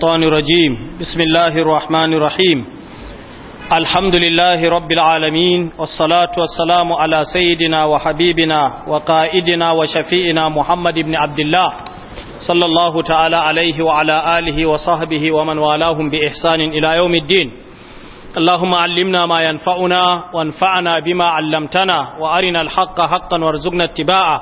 الشيطان الرجيم بسم الله الرحمن الرحيم الحمد لله رب العالمين والصلاة والسلام على سيدنا وحبيبنا وقائدنا وشفيئنا محمد بن عبد الله صلى الله تعالى عليه وعلى آله وصحبه ومن والاهم بإحسان إلى يوم الدين اللهم علمنا ما ينفعنا وانفعنا بما علمتنا وأرنا الحق حقا وارزقنا اتباعه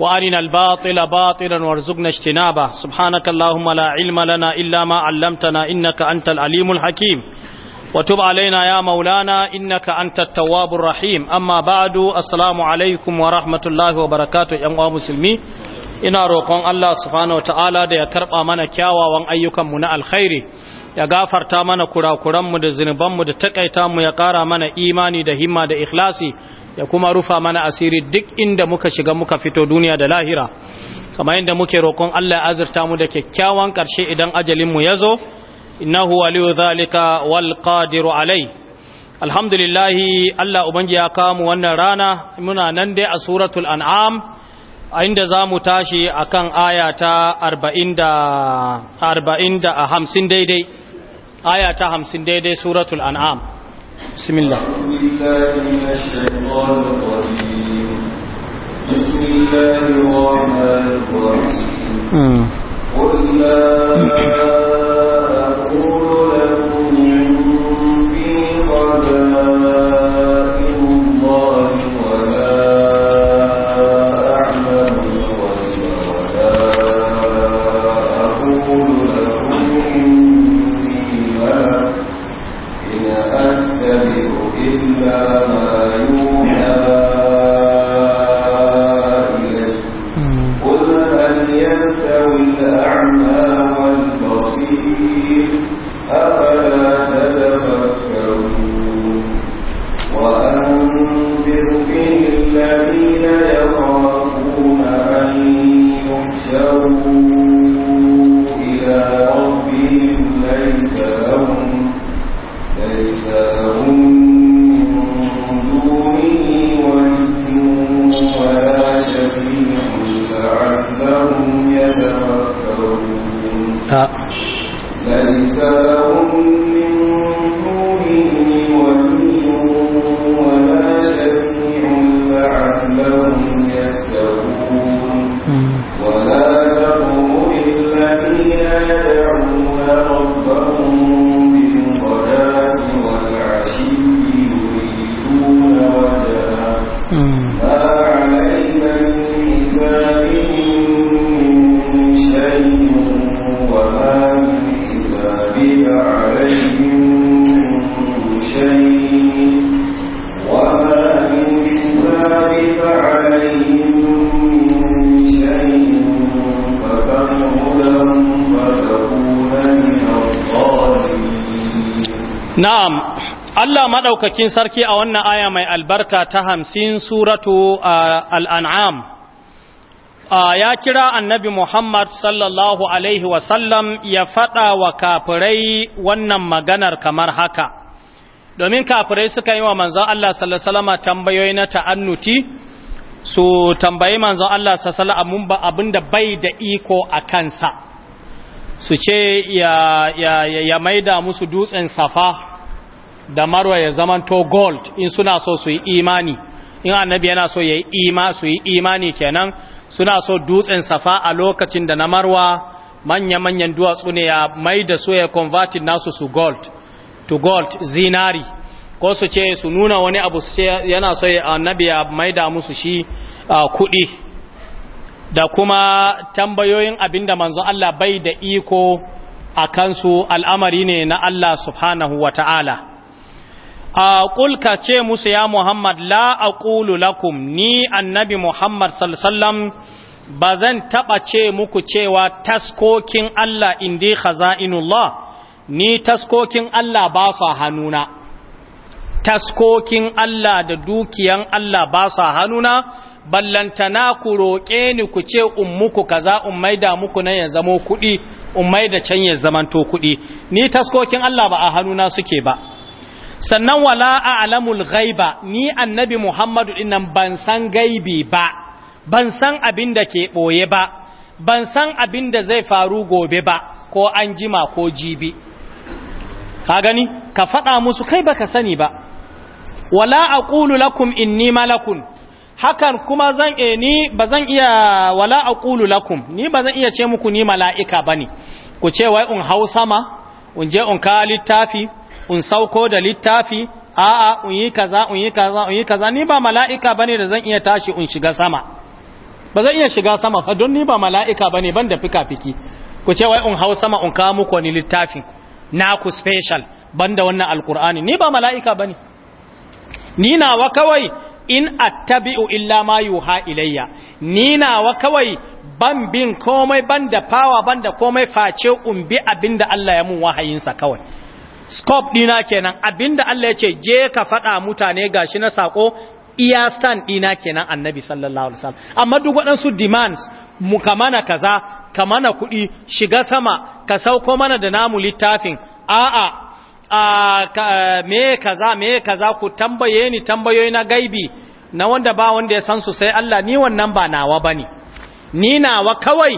وارنا الباطل باطلا وارزقنا اجتنابه سبحانك اللهم لا علم لنا إلا ما علمتنا إنك أنت العليم الحكيم وتب علينا يا مولانا إنك أنت التواب الرحيم أما بعد السلام عليكم ورحمة الله وبركاته يا مسلمين ina roƙon Allah subhanahu ta'ala da ya karɓa mana kyawawan ayyukanmu na alkhairi ya gafarta mana kurakuranmu da zunubanmu da takaita mu ya ƙara mana imani da himma da ikhlasi ya kuma rufa mana asiri duk inda muka shiga muka fito duniya da lahira kamar yadda muke roƙon Allah ya azurta mu da kyakkyawan ƙarshe idan ajalinmu ya zo innahu waliyu zalika wal qadiru alai alhamdulillah Allah ubangi ya kamu wannan rana muna nan dai a suratul an'am a inda za mu tashi akan aya ta arba'in da 40 da daidai aya ta daidai suratul an'am بسم الله بسم الله الشيطان الرجيم بسم الله الرحمن الرحيم آه. قل لا maɗaukakin sarki a wannan aya mai albarka ta hamsin suratu al'an'am ya kira annabi Muhammad sallallahu Alaihi wasallam ya faɗa wa kafirai wannan maganar kamar haka domin kafirai suka yi wa manzan Allah sallallahu tambayoyi na ta'annuti su tambayi manzan Allah abin da bai da iko a kansa su ce ya maida musu dutsen safa da marwa ya zamanto gold in suna so su yi imani in annabi yana so ya yi imani kenan suna so dutsen safa a lokacin da na marwa manya-manyan duwatsu ne ya mai da so ya convertin nasu su gold to gold zinari ko su ce su nuna wani abu yana so annabi ya mai da musu shi kuɗi da kuma tambayoyin abin da manzo Allah bai da iko a kansu al'amari ne na Allah subhanahu wa ta'ala a ƙulka ce musu ya Muhammad la a lakum ni annabi Muhammad sallallam ba zan taɓa ce muku cewa taskokin Allah indi khaza'inullah ni taskokin Allah ba sa hannuna taskokin Allah da dukiyan Allah ba sa hannuna ballantana ku roƙe ni ku ce ummuku kaza ummai da muku nan ya zamo kuɗi ummai da can ya zamanto kuɗi ni taskokin Allah ba a hannuna suke ba sannan wala a'lamul gaiba ni annabi Muhammadu dinnan ban san gaibi ba ban san abin da ke ɓoye ba ban san abin da zai faru gobe ba ko an jima ko jibi ka gani ka faɗa musu kai baka sani ba wala aqulu lakum inni malakun hakan kuma zan e ni bazan iya wala aqulu lakum ni bazan iya ce muku ni mala'ika bane ku ce wai un hau sama un je un ka littafi in sauko da littafi a'a in yi kaza in yi kaza in yi kaza ni ba mala'ika bane da zan iya tashi in shiga sama ba zan iya shiga sama fa don ni ba mala'ika bane ban da fika-fiki ku ce wai in hau sama in kawo muku wani littafin naku special ban da wannan alqur'ani ni ba mala'ika bane ni nawa kawai in attabi'u illa ma yuha ilayya ni nawa kawai ban bin komai ban da fawa ban da komai face un bi abinda Allah ya mun wahayinsa kawai scope dina kenan abinda Allah ya ce je ka faɗa mutane gashi na sako iya stand dina kenan annabi sallallahu alaihi wasallam amma duk waɗansu demands mu kamana kaza kamana kuɗi shiga sama ka sauko mana da namu littafin a'a a ka, me kaza me kaza ku tambaye ni tambayoyi na gaibi na wanda ba wanda ya san su sai Allah ni wannan ba nawa bane ni nawa kawai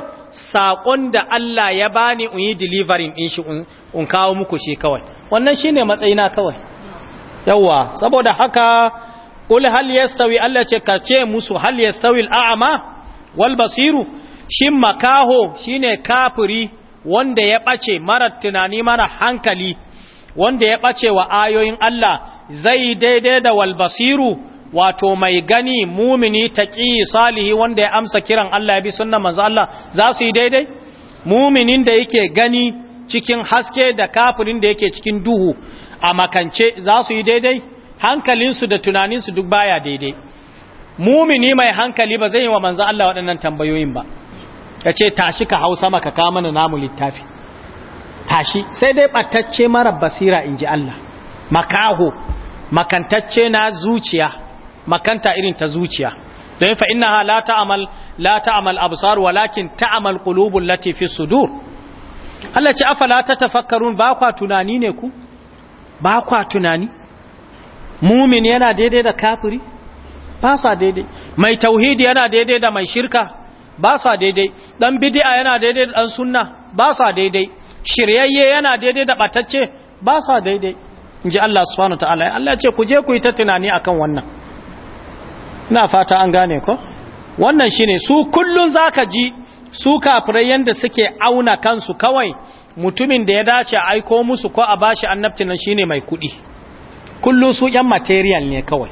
sakon da Allah ya bani in yi delivering din shi un kawo muku shi kawai wannan shine matsayina kawai Yauwa saboda haka qul hal yastawi Allah ce ka ce musu hal yastawi al'ama wal basiru shin makaho shine kafiri wanda ya ɓace mara tunani mara hankali wanda ya ɓace wa ayoyin Allah zai daidai da wal basiru wato mai gani mumini taqi salihi wanda ya amsa kiran Allah ya bi sunnan manzo Allah za su yi daidai muminin da yake gani cikin haske da kafirin da yake cikin duhu a makance za su yi daidai hankalinsu da tunaninsu duk baya daidai mumini mai hankali ba zai yi wa manzo Allah waɗannan tambayoyin ba ya ce tashi ka hausa maka kama namu littafi tashi sai dai ɓatacce mara basira in ji Allah makaho makantacce na zuciya makanta irin ta zuciya don fa innaha la ta'amal la ta'amal absar walakin ta'amal kulubun latifi fi sudur Allah ce afala ta tafakkarun ba kwa tunani ne ku ba kwa tunani mumin yana daidai da kafiri ba sa daidai mai tauhidi yana daidai da mai shirka ba sa daidai dan bid'a yana daidai da dan sunna ba sa daidai shiryayye yana daidai da batacce ba sa daidai inji Allah subhanahu wataala Allah ce ku je ku yi ta tunani akan wannan ina fata an gane ko wannan shine su kullun zaka ji su kafirai yanda suke auna kansu kawai mutumin da ya dace a aiko musu ko a bashi annabci nan shine mai kuɗi kullu su yan material ne kawai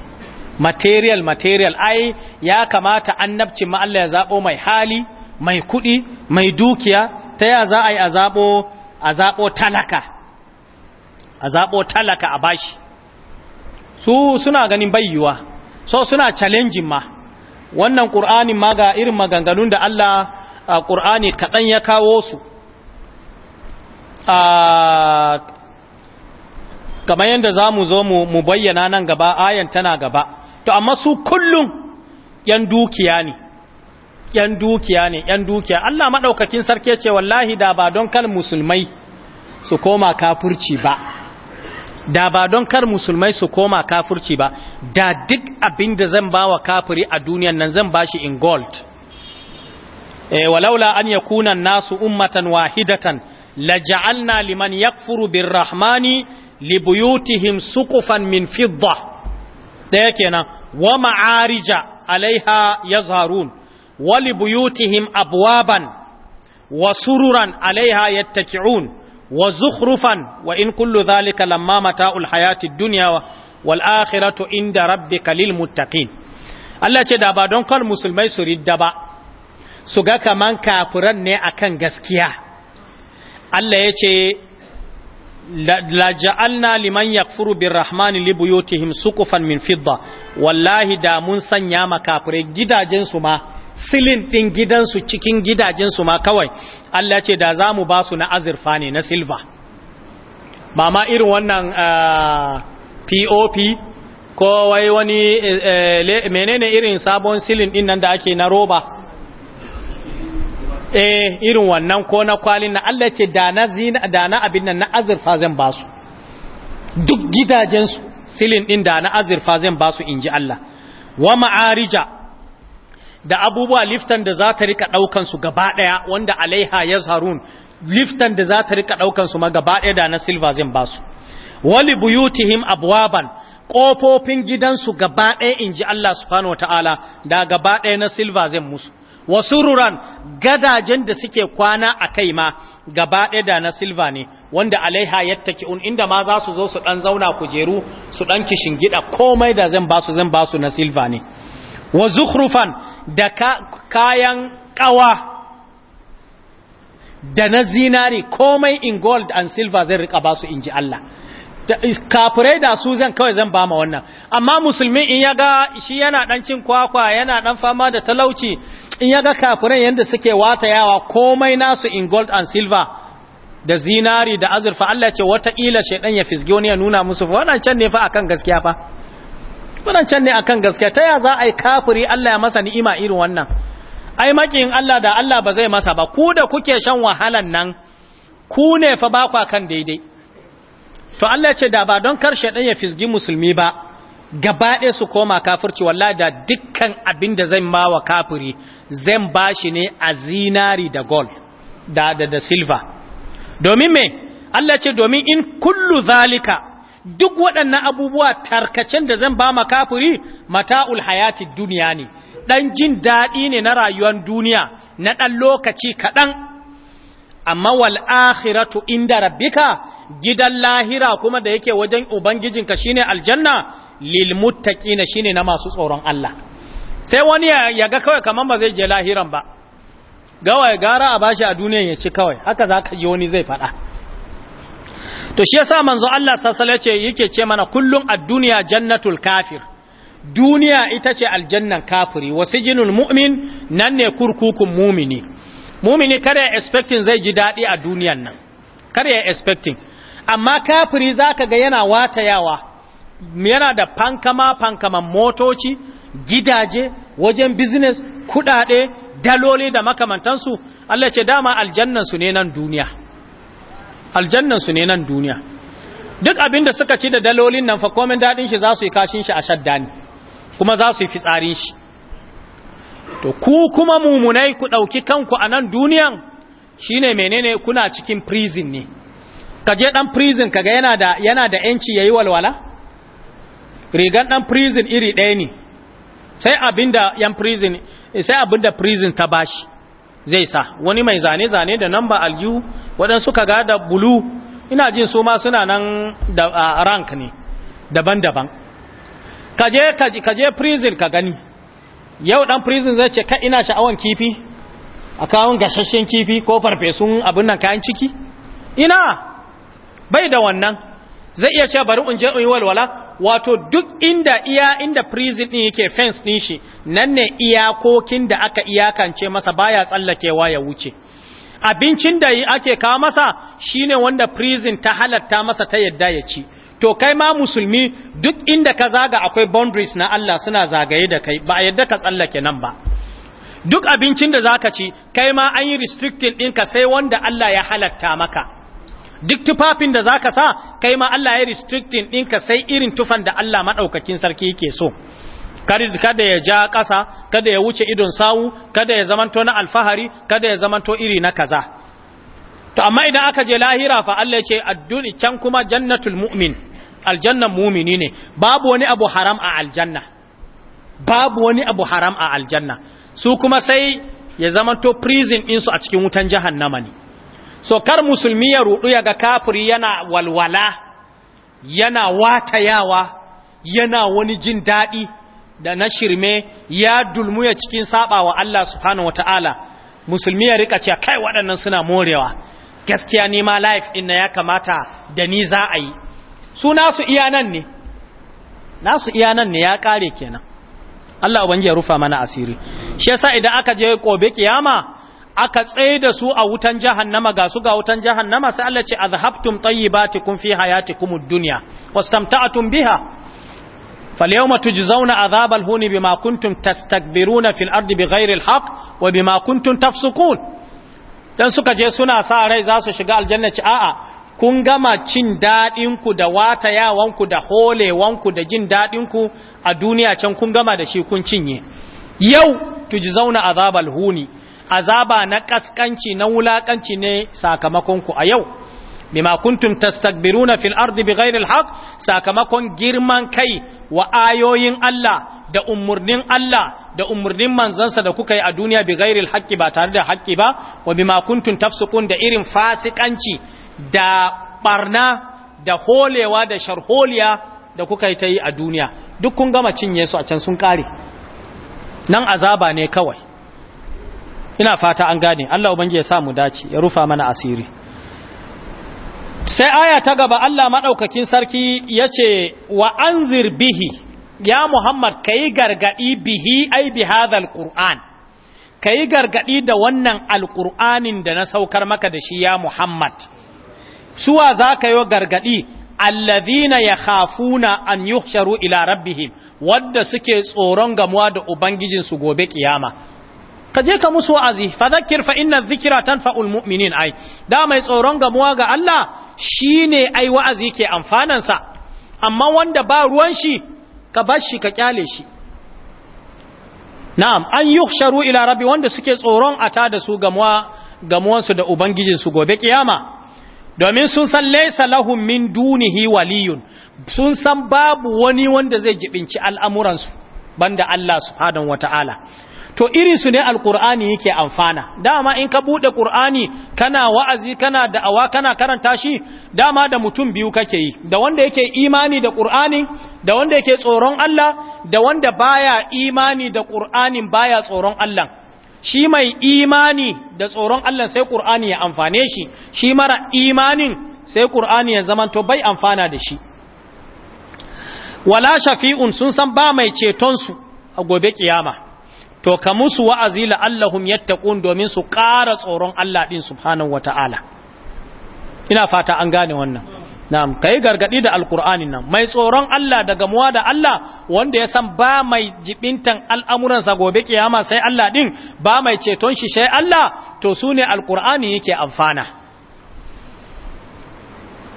material material ai ya kamata annabci ma Allah ya zabo mai hali mai kuɗi mai dukiya ta ya za a yi a zabo talaka a zabo talaka a bashi su suna ganin bayyuwa so suna challenging ma wannan qur'anin ma ga irin maganganun da Allah a ƙur'ani kaɗan ya kawo su a kamar yadda za mu zo mu bayyana nan gaba ayan tana gaba to amma su kullum yan dukiya ne yan dukiya ne yan dukiya Allah maɗaukakin sarki ce wallahi da ba don kan musulmai su koma kafurci ba da ba don kar musulmai su koma kafurci ba da duk abin da zan ba wa kafuri a duniyan nan zan ba shi in gold Eh, walaula an yakuna nasu ummatan wahidatan laja'alna liman yakfuru birrahmani buyutihim suqufan min fidda daya kenan wa ma'arija alaiha yazharun wa buyutihim abwaban wa sururan alaiha yattaki'un wa zukhrufan wa in kullu dhalika lamma mata'ul hayatid dunya wal akhiratu inda rabbika lil muttaqin Allah ce da ba don kar musulmai su ridda ba su ga kaman kafiran ne akan gaskiya Allah ya ce la ja'alna liman yakfuru birrahmani li buyutihim suqufan min fidda wallahi da mun sanya makafirai gidajen su ma silin din gidansu cikin gidajen su ma kawai Allah ce da zamu ba su na azurfa ne na silva ba irin wannan POP ah, ko wai wani eh, eh, menene irin sabon silin din nan da ake na roba eh irin wannan ko na kwalin na Allah ce da na zina da na abin nan na azurfa zan ba su duk gidajensu silin din da na azurfa zan ba su inji Allah wa ma'arija da abubuwa liftan da za ta rika daukan su gaba daya wanda alaiha yazharun liftan da za ta rika daukan su ma gaba daya da na silva zan ba su wali buyutihim abwaban kofofin gidansu gaba daya inji Allah subhanahu wataala da gaba daya na silva zan musu wasururan gadajen da suke kwana a kai ma gaba ɗaya da na silva ne wanda alaiha un inda ma za su zo su ɗan zauna kujeru su ɗan gida komai da zan basu zan basu na silva ne wa zukhrufan da kayan ƙawa da na zinari komai in gold and silver zai rika basu in ji Allah kafirai da su zan kawai zan ba ma wannan amma musulmi in yaga shi yana dan cin kwakwa yana dan fama da talauci in yaga kafirai yanda suke wata yawa komai nasu in gold and silver da zinari da azurfa Allah ce wata ila shedan ya fisge wani ya nuna musu wadancan ne fa akan gaskiya fa wadancan ne akan gaskiya ta ya za a yi kafiri Allah ya masa ni'ima irin wannan ai makin Allah da Allah ba zai masa ba ku da kuke shan wahalan nan ku ne fa ba kwa kan daidai to Allah ce da ba don karshe ɗan ya fisgi musulmi ba gaba ɗaya su koma kafirci wallahi da dukkan abin da zan ba wa kafiri zan ba shi ne a zinari da gold da da da silver domin me Allah ce domin in kullu zalika duk waɗannan abubuwa tarkacen da zan ba ma kafiri mata'ul hayati duniya ne ɗan jin daɗi ne na rayuwar duniya na ɗan lokaci kaɗan amma wal akhiratu inda rabbika gidan lahira kuma da yake wajen ubangijin ubangijinka shine aljanna lil muttaqina shine na masu tsoron Allah sai wani ya ga kawai kamar ba zai je lahiran ba gawa gara a bashi a duniyan ya ci kawai haka zaka ji wani zai faɗa to shi yasa manzo Allah sallallahu ce yake ce mana kullum ad-dunya jannatul kafir duniya ita ce aljannan kafiri wasu wasijinul mu'min nan ne kurkukun mumini mumini kare expecting zai ji daɗi a duniyan nan kare ya expecting amma kafiri zaka ga yana watayawa yana da fankama fankaman motoci gidaje wajen business kudade daloli da makamantansu Allah ce dama aljannansu ne nan duniya aljannansu ne nan duniya duk abinda suka ci da dalolin nan fa komai dadin shi za su yi kashin shi a shadda ne kuma za su yi fitsarin shi to ku kuma mumunai ku dauki kanku a nan duniyan shine menene kuna cikin prison ne ka je dan prison kaga yana da yana da yanci yayi walwala rigan dan prison iri ɗaya ne sai abinda yan prison sai abinda prison ta bashi zai sa wani mai zane zane da number aljihu waɗansu kaga da bulu ina jin su ma suna nan da rank ne daban-daban kaje kaje prison ka gani yau dan prison zai ce ka ina sha'awan kifi a kawon gashashen kifi ko farfesun abin nan kayan ciki ina bai da wannan zai iya cewa bari in je in walwala wato duk inda iya inda prison din yake fence din shi nan ne iyakokin da aka iyakance masa baya tsallakewa ya wuce abincin da ake kawo masa shine wanda prison ta halatta masa ta yadda ya ci to kai ma musulmi duk inda ka zaga akwai boundaries na Allah suna zagaye da kai ba a yadda ka tsallake nan ba duk abincin da zaka ci kai ma an yi restricting ɗinka sai wanda Allah ya halatta maka duk tufafin da zaka sa kai ma Allah ya restricting ɗinka sai irin tufan da Allah maɗaukakin sarki yake so kada ya ja ƙasa kada ya wuce idon sawu kada ya zamanto na alfahari kada ya zamanto iri na kaza to amma idan aka je lahira fa Allah ya ce adduni can kuma jannatul mu'min aljannan mumini ne babu wani abu haram a aljanna babu wani abu haram a aljanna su kuma sai ya zamanto prison ɗinsu a cikin wutan jahannama ne so kar musulmi ya ruɗu ya ga kafiri yana walwala yana watayawa yana wani jin daɗi da na shirme ya dulmu ya cikin saba wa Allah subhanahu wata'ala musulmi ya rika cewa kai waɗannan suna morewa gaskiya ni ma life inna ya kamata da ni za a yi su nasu iya nan ne nasu iya ne ya kare kenan Allah ubangiji ya rufa mana asiri shi yasa idan aka je kobe kiyama aka tsaye da su a wutan jahannama ga su ga wutan jahannama sai Allah ce azhabtum tayyibatikum fi hayatikum ad-dunya wastamta'tum biha falyawma tujzauna azabal huni bima kuntum tastakbiruna fil ardi bighairi al-haq wa bima kuntum tafsukun dan suka je suna sa rai za su shiga aljanna ci a'a kun gama cin dadin ku da watayawanku ku da holewanku da jin dadin ku a duniya can kun gama da shi kun cinye yau tujzauna azabal huni azaba na kaskanci na wulakanci ne sakamakon ku a yau bima kuntum tastakbiruna fil ardi bighairi alhaq sakamakon girman kai wa ayoyin Allah da umurnin Allah da umurnin manzansa da kuka yi a duniya bighairi alhaqi ba tare da haƙƙi ba wa bima kuntum tafsukun da irin fasikanci da barna da holewa da sharholiya da kuka yi ta yi a duniya duk kun gama cinye su a can sun kare nan azaba ne kawai ina fata an gane Allah ubangi ya sa mu dace ya rufa mana asiri sai aya ta gaba Allah madaukakin sarki yace wa anzir bihi ya Muhammad kai gargadi bihi ai bi hadhal qur'an kai gargadi da wannan alqur'anin da na saukar maka da shi ya Muhammad suwa zaka yo gargadi alladhina yakhafuna an yuhsharu ila rabbihim wadda suke tsoron gamuwa da ubangijin su gobe kiyama ka je ka musu wa'azi fa zakkir fa inna dhikra tanfa'ul mu'minin ai da mai tsoron gamuwa ga Allah shine ai wa'azi ke amfanan sa amma wanda ba ruwan shi ka bar shi ka kyale shi na'am an yuhsharu ila rabbi wanda suke tsoron ata da su gamuwa gamuwan su da ubangijin su gobe kiyama domin sun san laysa lahum min dunihi waliyun sun san babu wani wanda zai jibinci al'amuransu banda Allah subhanahu wataala to irin su ne alkur'ani yake amfana dama in ka buɗe ƙur'ani kana wa'azi kana da'awa kana karanta shi dama da mutum biyu kake yi da wanda yake imani da ƙur'ani da wanda yake tsoron Allah da wanda baya imani da ƙur'ani baya tsoron Allah shi mai imani da tsoron Allah sai ƙur'ani ya amfane shi shi mara imanin sai ƙur'ani ya to bai amfana da shi wala shafi'un sun san ba mai ceton su a gobe kiyama to ka musu wa'azi la'allahum yattaqun domin su ƙara tsoron Allah din subhanahu wata'ala ina fata an gane wannan na'am kai gargadi da alqur'anin nan mai tsoron Allah da gamuwa da Allah wanda ya san ba mai jibintan al'amuransa gobe kiyama sai Allah ɗin, ba mai ceton shi sai Allah to su sune alqur'ani yake amfana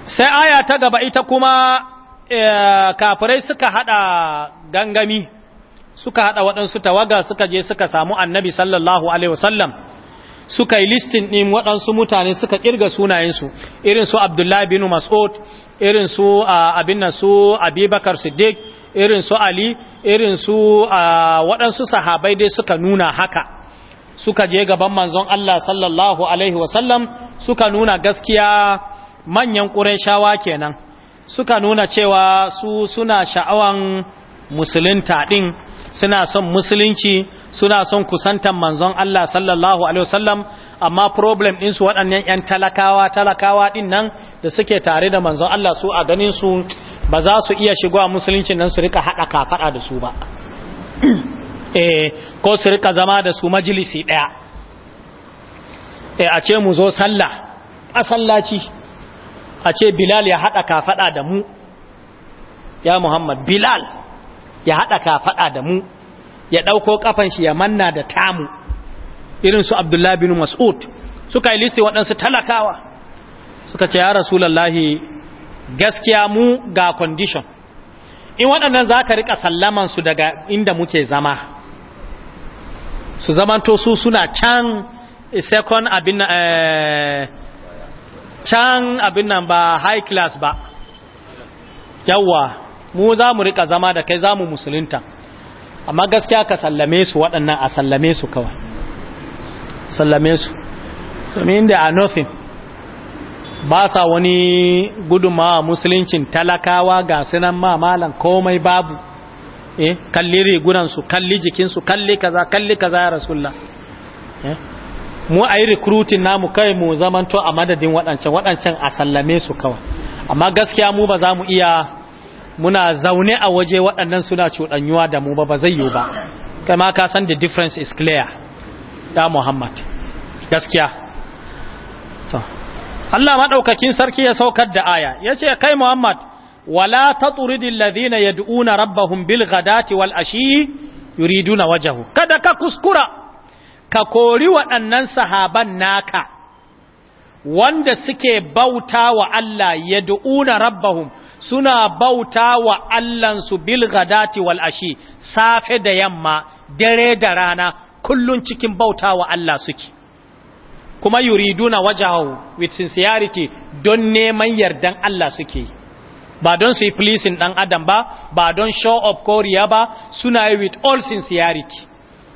sai aya ta gaba ita kuma eh, kafirai suka haɗa gangami suka hada waɗansu tawaga suka je suka samu annabi sallallahu alaihi wasallam suka yi listin ɗin waɗansu mutane suka ƙirga sunayensu irin su abdullahi bin mas'ud irin su abin nasu su abubakar siddiq irin su ali irin su waɗansu sahabai dai suka nuna haka suka je gaban manzon Allah sallallahu alaihi wasallam suka nuna gaskiya manyan shawa kenan suka nuna cewa su suna sha'awan musulunta ɗin suna son musulunci suna son kusantan manzon Allah sallallahu alaihi wasallam amma problem din su waɗannan ƴan talakawa talakawa din nan da suke tare da manzon Allah su a ganin su ba za su iya shigowa musulunci nan su rika hada kafada da su ba eh ko su rika zama da su majalisi daya eh a ce mu zo sallah a sallaci a ce bilal ya hada kafada da mu ya muhammad bilal ya haɗa kafaɗa da mu ya ɗauko ƙafan shi ya manna da tamu irin su abdullahi bin mas'ud suka yi listi waɗansu talakawa suka ce ya rasulallahi gaskiya mu ga condition in waɗannan za ka riƙa su daga inda muke zama su zamanto su suna can eh, second abin eh, can abin nan ba high class ba yawwa mu za mu rika zama da kai za mu musulunta amma gaskiya ka sallame su waɗannan a sallame su kawai sallame su domin da a nothing ba sa wani a musuluncin talakawa ga sunan mamalan komai babu eh kalli rigunansu kalli jikinsu kalli kaza kalli kaza ya rasulullah eh mu a yi rikrutin namu kai mu zamanto a madadin waɗancan waɗancan a sallame su kawai amma gaskiya mu ba za mu iya muna zaune a waje waɗannan suna cuɗanyuwa da mu ba ba zai yiwu ba kama ka san the difference is clear ya muhammad gaskiya Allah maɗaukakin sarki ya saukar da aya ya ce kai muhammad wala ta turidin ladina ya du'una rabbahun bil gadati wal ashi yuriduna wajahu kada ka kuskura ka kori waɗannan sahaban naka wanda suke bauta wa Allah ya du'una rabbahun suna bauta wa Allahnsu bilgadati wal ashi safe da yamma dare da rana kullun cikin bauta wa Allah suke kuma yuriduna wajahu with sincerity don neman yardan Allah suke ba don su yi pleasing dan adam ba ba don show of korea ba suna yi with all sincerity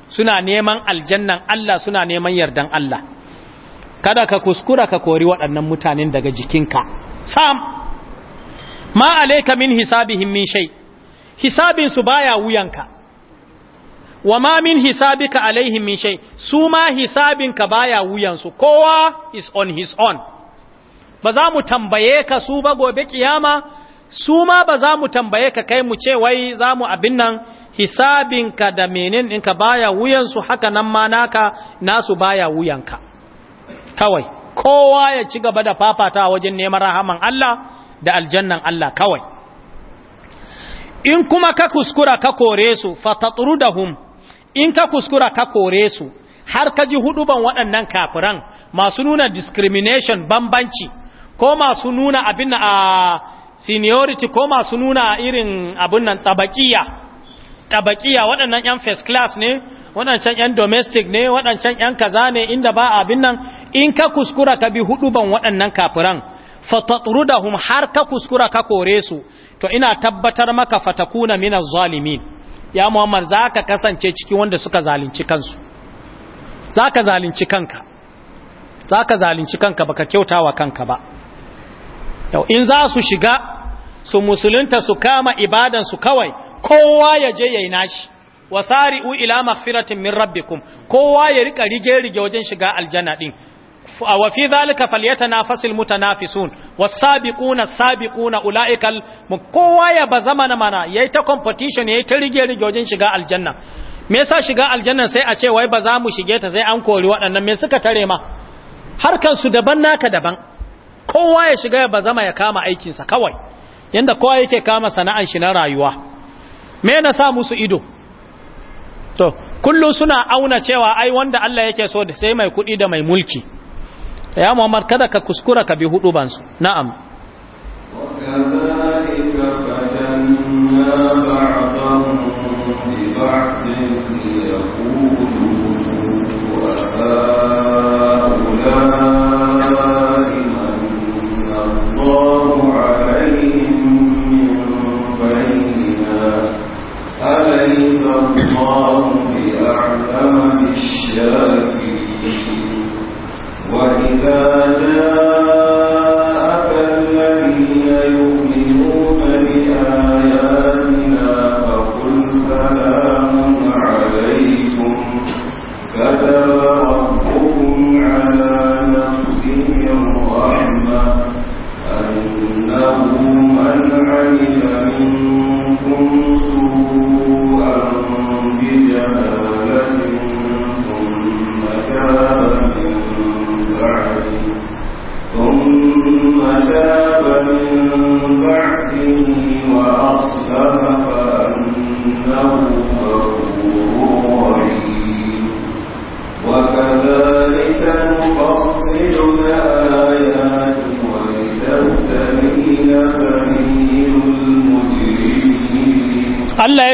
suna neman aljannan Allah suna neman yardan Allah kada ka kuskura ka kori waɗannan mutanen daga jikinka sam ma alayka min hisabihim min shay hisabin su baya wuyanka wa ma min hisabika alaihim min shay su ma hisabinka baya wuyansu kowa is on his own ba za mu tambaye ka su ba gobe kiyama su ma ba za mu tambaye ka kai mu ce wai za mu abin nan hisabinka da menen in ka baya wuyansu haka nan ma naka nasu baya wuyanka kawai kowa ya ci gaba da fafata wajen neman rahaman Allah da aljannan Allah kawai in kuma ka kuskura ka kore su fatatrudahum in ka kuskura ka kore su har ka ji huduban waɗannan kafiran masu nuna discrimination bambanci ko masu nuna abin a seniority ko masu nuna irin abin nan tabakiya Tabaqiya waɗannan 'yan first class ne waɗancan 'yan domestic ne waɗancan 'yan kaza ne inda ba abin nan in ka kuskura ka bi huduban waɗannan kafiran fatatrudahum har ka kuskura ka kore su to ina tabbatar maka fatakuna minaz zalimin ya muhammad zaka kasance cikin wanda suka zalunci kansu zaka zalunci kanka zaka zalunci kanka baka kyautawa kanka ba yau in za su shiga su musulunta su kama ibadan su kawai kowa ya je yayin nashi wasari'u ila maghfiratin min rabbikum kowa ya rika rige rige wajen shiga aljanna din wa fi zalika falyatanafasul mutanafisun wasabiquna sabiquna ulaikal kowa ya bazama na mana yayi ta competition yayi ta rige rige wajen shiga aljanna me yasa shiga aljanna sai a ce wai ba za mu shige ta sai an kori waɗannan me suka tare ma harkan su daban naka daban kowa ya shiga ya bazama ya kama aikin sa kawai yanda kowa yake kama sana'an shi na rayuwa me na sa musu ido to kullum suna auna cewa ai wanda Allah yake so sai mai kuɗi da mai mulki يا محمد كذا ككسكرك بهدو بانسو نعم وكذلك فتنا بعضهم ببعض ليقولوا وهؤلاء الله عليهم من بيننا أليس الله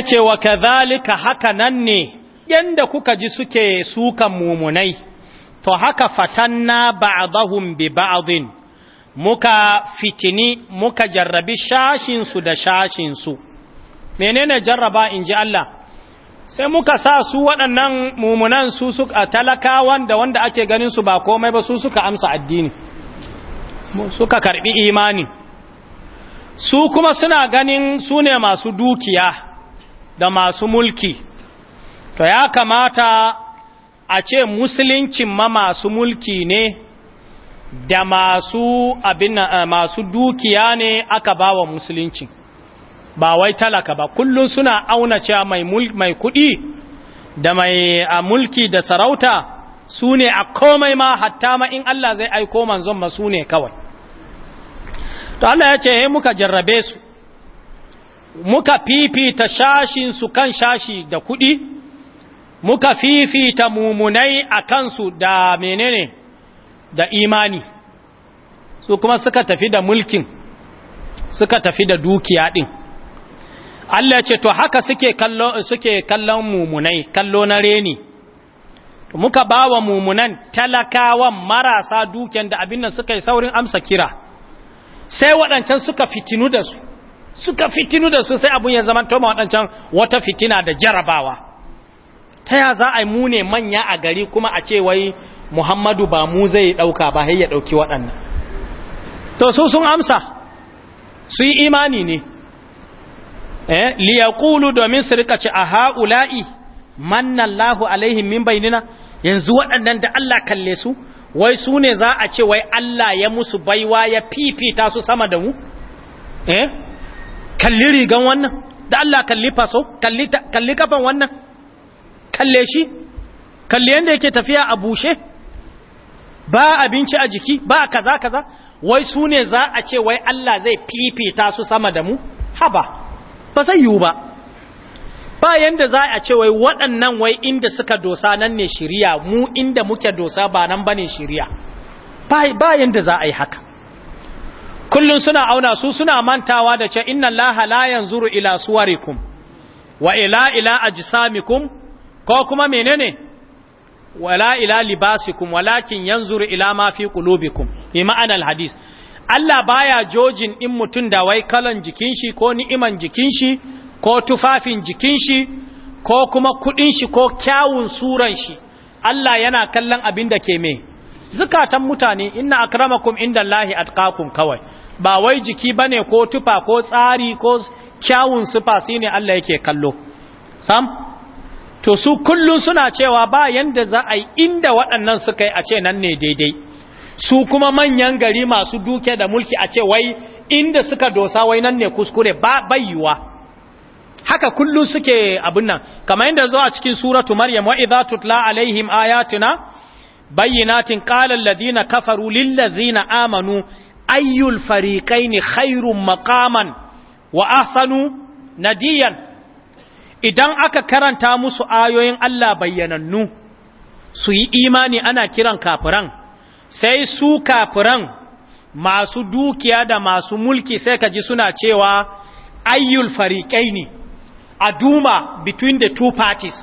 ce wa kadhalika haka nan ne yanda kuka ji suke sukan mumunai to haka fatanna ba'dahum bi ba'din muka fitini muka jarrabi shashinsu da shashinsu menene jarraba inji Allah sai muka sa su waɗannan mumunan su suka talakawan da wanda ake ganin su ba komai ba su suka amsa addini suka karbi imani su kuma suna ganin su ne masu dukiya da masu mulki to ya kamata a ce musuluncin ma masu mulki ne da masu abin eh, masu dukiya ne aka ba wa musulunci ba wai talaka ba kullum suna auna cewa mai mai kudi da mai eh, mulki da sarauta su ne a komai ma hatta ma in Allah zai aiko manzon ma su ne kawai to Allah ya ce he muka jarrabe su muka fifita shashinsu kan shashi da kuɗi muka fifita mumunai a kansu da menene da imani su kuma suka tafi da mulkin suka tafi da dukiya ɗin Allah ce to haka suke kallon mumunai kallo na reni to muka bawa mumunan talakawan marasa dukiyan da abin nan suka yi saurin amsa kira sai waɗancan suka fitinu da su suka fitinu da su sai abun ya zama toma waɗancan wata fitina da jarabawa ta ya za a yi mune manya a gari kuma a ce wai muhammadu ba mu zai ɗauka ba ya ɗauki waɗannan to su sun amsa su yi imani ne eh liyaqulu domin su rika ce a ha'ula'i mannallahu alaihim min bainina yanzu waɗannan da Allah kalle su wai su ne za a ce wai Allah ya musu baiwa ya fifita su sama da mu eh kalli rigan wannan da Allah kalli faso kalli kafan wannan kalle shi kalli yadda yake tafiya a bushe ba abinci a jiki ba kaza kaza wai su ne za a ce wai Allah zai fifita su sama da mu haba ba zai yiwu ba ba yadda za a ce wai waɗannan wai inda suka dosa nan ne shirya mu inda muke dosa ba nan ba ne shirya ba yadda za a yi haka kullum suna auna su suna mantawa da ce inna allaha la yanzuru ila suwarikum wa ila ila ajsamikum ko kuma menene wala ila libasikum walakin yanzuru ila ma fi qulubikum bi ma'anal hadis Allah baya jojin in mutun da wai kalan jikin shi ko ni'iman jikin shi ko tufafin jikin shi ko kuma kudin shi ko kyawun suran shi Allah yana kallon abin da ke me zukatan mutane inna akramakum indallahi atqakum kawai ba wai jiki bane ko tufa ko tsari ko kyawun sufa shi ne Allah yake kallo sam to su kullun suna cewa ba yanda za a yi inda waɗannan suka yi a ce nan ne daidai su kuma manyan gari masu duke da mulki a ce wai inda suka dosa wai nan ne kuskure ba bayyuwa haka kullun suke abin nan kamar yadda zuwa cikin suratu maryam wa idza tutla alaihim ayatuna bayyinatin qala alladhina kafaru lil na amanu ayyul ne khairun maqaman wa ahsanu nadiyan idan aka karanta musu ayoyin Allah bayyanannu su yi imani ana kiran kafiran sai su kafiran masu dukiya da masu mulki sai kaji suna cewa ayyul fariƙaini a duma between the two parties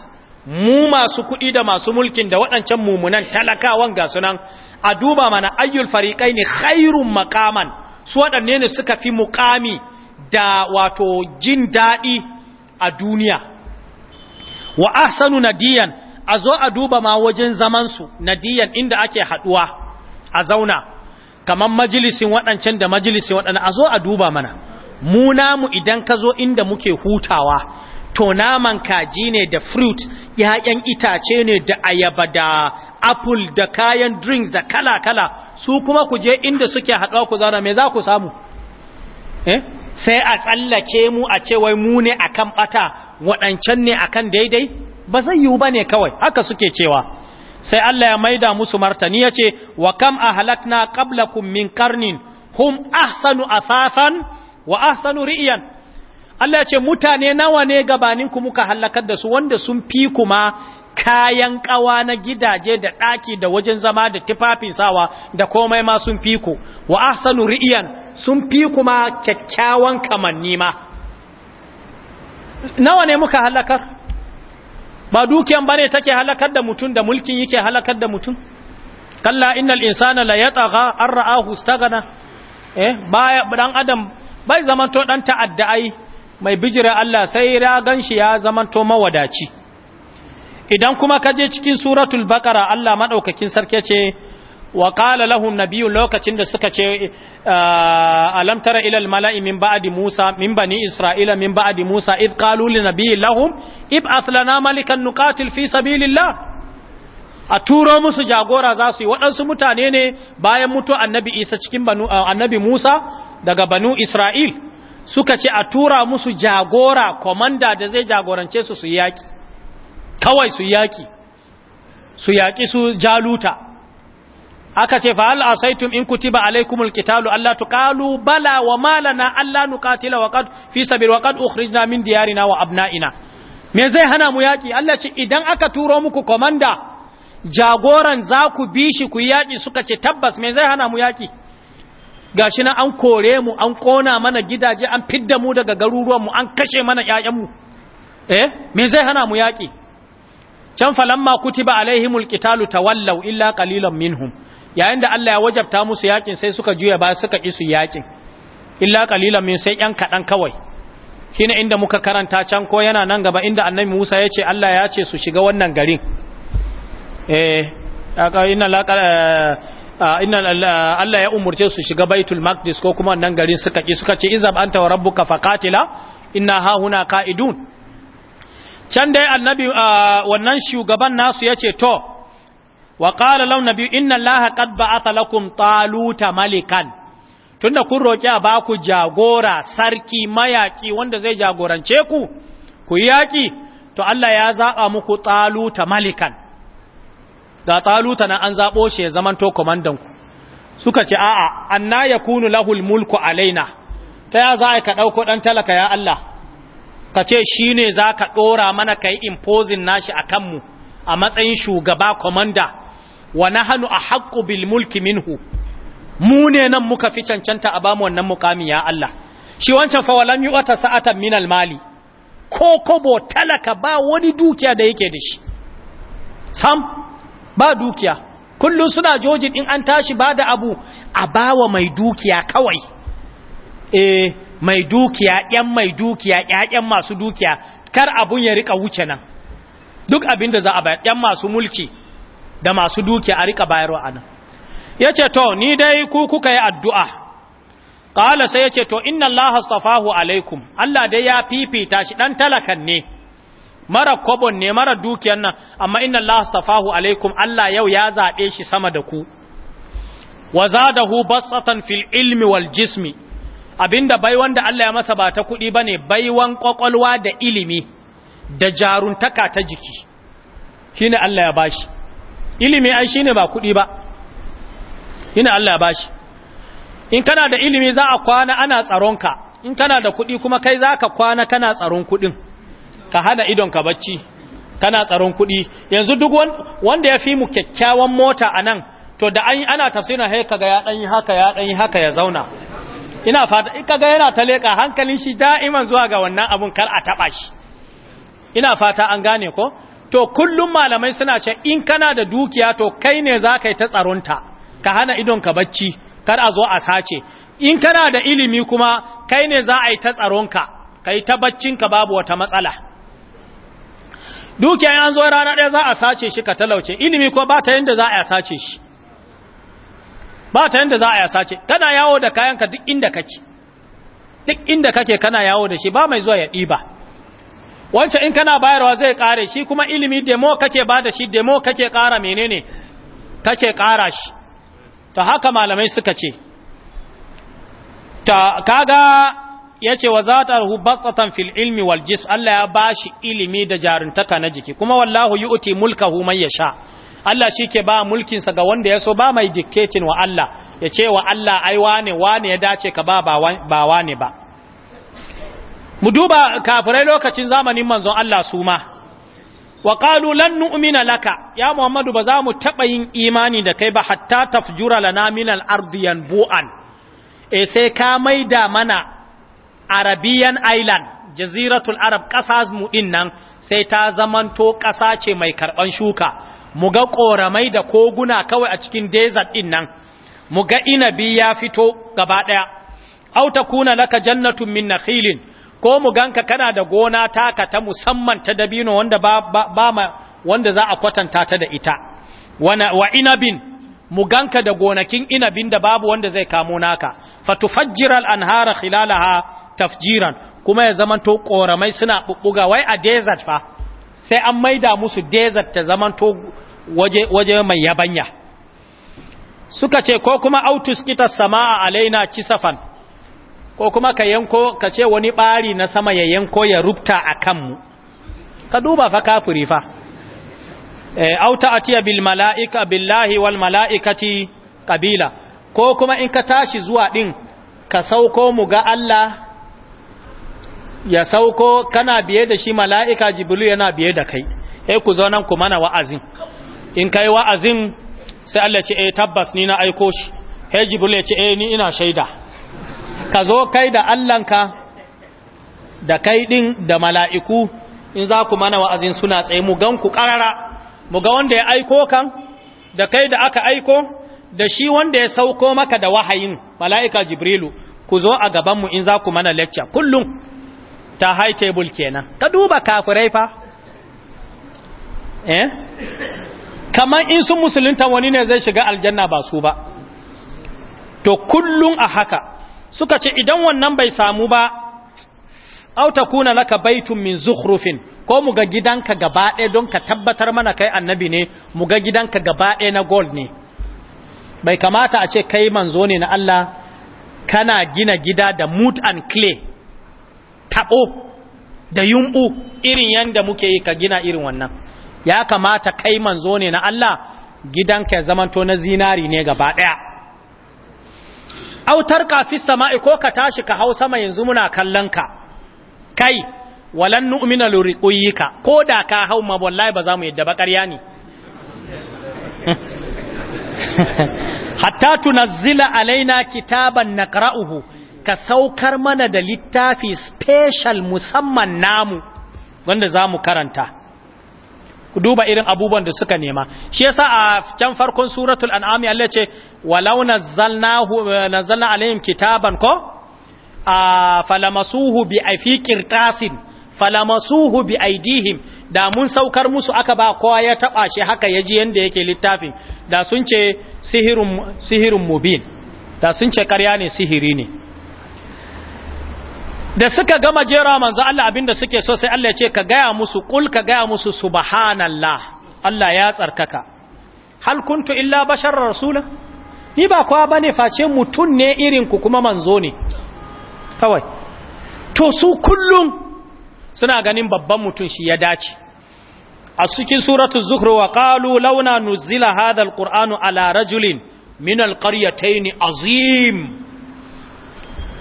mu masu kuɗi da masu mulkin da waɗancan mumunan talakawan ga sunan a duba mana ayyul fariƙai ne khairun makaman su waɗanne ne suka fi mukami da wato jin daɗi a duniya wa ahsanu nadiyan a zo a duba ma wajen zamansu nadiyan inda ake haɗuwa a zauna kamar majalisin waɗancan da majalisin waɗannan a zo a duba mana mu namu idan ka zo inda muke hutawa to naman kaji ne da fruit ‘ya'yan itace ne da ayaba da apple da kayan drinks da kala-kala su kuma ku je inda suke haɗuwa ku zauna mai za ku samu eh? sai a tsallake mu a ce wai mu ne akan ɓata waɗancan ne akan daidai ba zai yiwu ba ne kawai haka suke cewa sai Allah ya maida musu martani ya ce wa kam a halakna ƙablakun min karnin hum ahsanu afafan wa ahsanu ri'iyan Allah ya ce mutane nawa ne gabaninku muka halakar da su wanda sun fi kuma kayan kawa na gidaje da ɗaki da wajen zama da tufafin sawa da komai ma sun fi ku wa ahsanu ri'yan sun fi kuma kyakkyawan kamanni ma nawa ne muka halakar ba dukiyan bane take halakar da mutum da mulkin yake halakar da mutum kalla innal insana la yatagha an ra'ahu istaghna eh baya dan adam bai to dan ta'adda ai mai bijira Allah sai ya ganshi ya zamanto mawadaci idan kuma ka je cikin suratul baqara Allah madaukakin sarki ce wa qala lahum nabiyyu lokacin da suka ce ah, alam tara ila al mala'i min ba'di musa min bani isra'ila min ba'di musa id qalu li nabiyyi lahum malikan nuqatil fi sabilillah a turo musu jagora za su yi waɗansu mutane ne bayan mutu annabi isa cikin ah, annabi musa daga banu isra'il suka ce a tura musu jagora komanda da zai jagorance su su yaki kawai su yaki su yaki su jaluta aka ce fa hal asaitum in kutiba alaikumul qitalu alla tuqalu bala wa malana alla nuqatila wa qad fi sabil wa qad ukhrijna min diyarina wa abna'ina me zai hana mu yaki Allah ce idan aka turo muku komanda jagoran za ku bishi ku yaki suka ce tabbas me zai hana mu yaki shi na an kore mu an kona mana gidaje an fidda mu daga garuruwanmu an kashe mana ƴaƴanmu eh me zai hana mu yaƙi can falamma kutiba alaihimul qitalu tawallaw illa qalilan minhum yayin da Allah ya wajabta musu yaƙin sai suka juya ba suka ki su yaƙin illa qalilan min sai ƴan kaɗan kawai shine inda muka karanta can ko yana nan gaba inda annabi Musa yace ce Allah ya ce su shiga wannan garin eh aka inna la eh, Ah, Allah ya umurce su shiga baitul maqdis ko kuma wannan garin suka ki suka ce izab anta wa rabbuka faqatila inna ha huna qa'idun can dai annabi ah, wannan shugaban nasu yace to wa qala law nabiy inna allaha qad ba'atha lakum taluta malikan tunda kun roki a baku jagora sarki mayaki wanda zai jagorance ku ku yaki to Allah ya zaba muku taluta malikan ga taluta na an zaɓo shi ya zamanto komandanku suka ce a'a anna ya kunu lahul mulku alaina ta ya za a ka ɗauko ɗan talaka ya Allah ka ce shi ne za ka ɗora mana ka yi imposing nashi a kanmu a matsayin shugaba komanda wa na hannu a haƙƙu bil mulki minhu mu ne nan muka fi cancanta a bamu wannan mukami ya Allah shi wancan fa walam yu'ata sa'atan min mali ko kobo talaka ba wani dukiya da yake da shi sam ba dukiya kullum suna joji in an tashi ba da abu a bawa mai dukiya kawai eh mai dukiya yan mai dukiya ƴaƴan masu dukiya kar abun ya rika wuce nan duk abin da za a bayar yan masu mulki da masu dukiya a rika bayarwa anan yace to ni dai ku kuka yi addu'a Ƙala sai ya ce, To, inna laha astafahu alaikum, Allah dai ya fifita shi ɗan talakan ne, mara kobon ne mara dukiyar nan amma inna Allah astafahu alaikum Allah yau ya zaɓe shi sama da ku wa zadahu basatan fil ilmi wal jismi abinda bai wanda Allah ya masa ba ta kuɗi bane baiwan kwakwalwa da ilimi da jaruntaka ta jiki shine Allah ya bashi ilimi ai shine ba kuɗi ba shine Allah ya bashi in kana da ilimi za a kwana ana tsaronka in kana da kuɗi kuma kai za ka kwana kana tsaron kuɗin ka hana idonka bacci kana tsaron kuɗi yanzu duk wanda ya fi mu kyakkyawan mota a nan to da ana tafsirin hey kaga ya dan yi haka ya dan yi haka ya zauna ina fata kaga yana ta leka hankalin shi da'iman zuwa ga wannan abun kar a taɓa shi ina fata an gane ko to kullum malamai suna ce in kana da dukiya to kai ne za ka yi ta tsaronta ka hana idonka bacci kar a zo a sace in kana da ilimi kuma kai ne za a yi ta tsaronka ka yi ta baccinka babu wata matsala dukiya an zo rana ɗaya za a sace shi ka talauce ilimi ko ba ta yadda za a sace shi ba ta yadda za a sace kana yawo da kayanka duk inda kake duk inda kake kana yawo da shi ba mai zuwa ya ɗiba wancan in kana bayarwa zai ƙare shi kuma ilimi demo kake ba da shi demo kake ƙara menene kake ƙara shi ta haka malamai suka ce ta kaga ya ce wa za ta rahu basatan fil ilmi wal jis Allah ya ba shi ilimi da jaruntaka na jiki kuma wallahu yi uti mulkahu man ya sha Allah shi ke ba mulkinsa ga wanda ya so ba mai dictating wa Allah ya ce wa Allah ai wane wane ya dace ka ba ba wane ba mu duba kafirai lokacin zamanin manzon Allah su ma wa qalu lan nu'mina laka ya muhammadu ba za mu taba yin imani da kai ba hatta tafjura lana min al-ardi yanbu'an e sai ka maida mana arabian island jaziratul arab ƙasa mu ɗin sai ta zamanto ƙasa ce mai karɓan shuka mu ga ƙoramai da koguna kawai a cikin desert ɗin nan mu ga inabi ya fito gaba ɗaya au ta kuna laka jannatun min nakhilin ko mu ganka kana da gona taka ta musamman ta dabino wanda ba, ba, ma wanda za a kwatanta ta da ita Wana, wa inabin mu ganka da gonakin inabin da babu wanda zai kamo naka fatufajjiral anhara khilalaha tafjiran kuma ya zamanto koramai suna bubbuga wai a desert fa sai an maida musu desert ta zamanto waje waje mai yabanya suka ce ko kuma autus kita samaa alaina kisafan ko kuma ka yanko ka ce wani bari na sama ya yanko ya rubta a kanmu ka duba fa kafiri fa eh, auta atiya bil mala'ika billahi wal mala'ikati qabila ko kuma in ka tashi zuwa din ka sauko mu ga Allah ya sauko kana biye da shi mala'ika jibilu yana biye da kai e ku zo nan ku mana wa'azin in kai wa'azin sai Allah ce e tabbas ni na aiko shi he jibilu ya ce e ni ina shaida ka zo kai da Allahnka da kai din da mala'iku in za ku mana wa'azin suna tsaye mu gan ku ƙarara mu ga wanda ya aiko kan da kai da aka aiko da shi wanda ya sauko maka da wahayin mala'ika jibrilu ku zo a gabanmu in za ku mana lecture kullum ta high table kenan ka duba kafirai fa eh kamar in su musulunta wani ne zai shiga aljanna ba su ba to kullum a haka suka ce idan wannan bai samu ba au kuna laka baitun min zukhrufin ko mu ga gidanka gaba ɗaya don ka tabbatar mana kai annabi ne mu ga gidanka gaba ɗaya na gold ne bai kamata a ce kai manzo ne na Allah kana gina gida da mud and clay taɓo da yumɓu irin yanda muke yi ka gina irin wannan ya kamata kai manzo ne na Allah gidanka ya zamanto na zinari ne gaba ɗaya autar kafin sama'i ko ka tashi ka hau sama yanzu muna kallon ka kai walan nu'mina luriquyika ko da ka hau ma ba za mu yadda ba ne hatta tunazzila alaina kitaban naqra'uhu ka saukar mana da littafi special musamman namu wanda za mu karanta ku duba irin abubuwan da suka nema shi yasa a can farkon suratul an'ami Allah ce walau nazzalnahu nazzalna alaihim kitaban ko a falamasuhu bi afiqir tasin falamasuhu bi aidihim da mun saukar musu aka ba kowa ya taba shi haka yaji yanda yake littafin da sun ce sihirun sihirun mubin da sun ce karya ne sihiri ne da suka gama jera manzo Allah abinda suke so sai Allah ya ce ka gaya musu kul ka gaya musu subhanallah Allah ya tsarkaka hal kuntu illa bashar rasula ni ba kowa bane face mutun ne irin ku kuma manzo ne kawai to su kullum suna ganin babban mutun shi ya dace a cikin suratu zuhr wa qalu launa nuzila hadha alquranu ala rajulin min alqaryatayn azim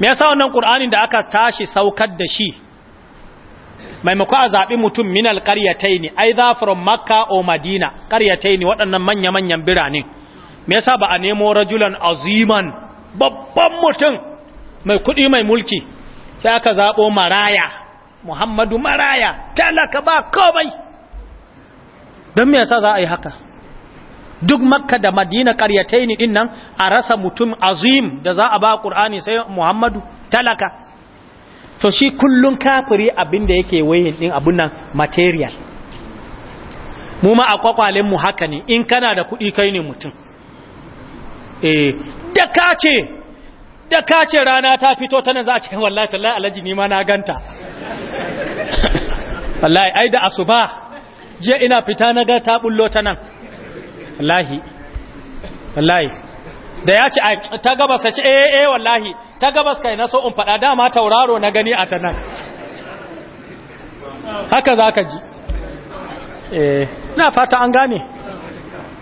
me yasa wannan qur'anin da aka tashi saukar da shi maimako a zaɓi mutum minal ƙaryataini aidha from makka o madina qaryataini waɗannan manya-manyan birane me yasa ba a nemo rajulan aziman babban mutum mai kuɗi mai mulki sai aka zaɓo maraya muhammadu maraya talaka ba komai don me yasa za a yi haka duk makka da madina karyatai ne dinnan a rasa mutum azim da za a ba ƙur'ani sai muhammadu talaka to shi kullum kafiri abinda yake wayin din abun nan material mu ma a kwakwalen mu haka ne in kana da kuɗi kai ne mutum eh da kace da kace rana ta fito ta nan za a ce wallahi tallahi alaji ni ma na ganta wallahi ai da asuba jiya ina fita na ga ta bullo ta nan wallahi wallahi da ya ce ta gabas ce eh eh wallahi ta gabas kai na so in fada dama tauraro na gani a tanan haka zaka ji eh na fata an gane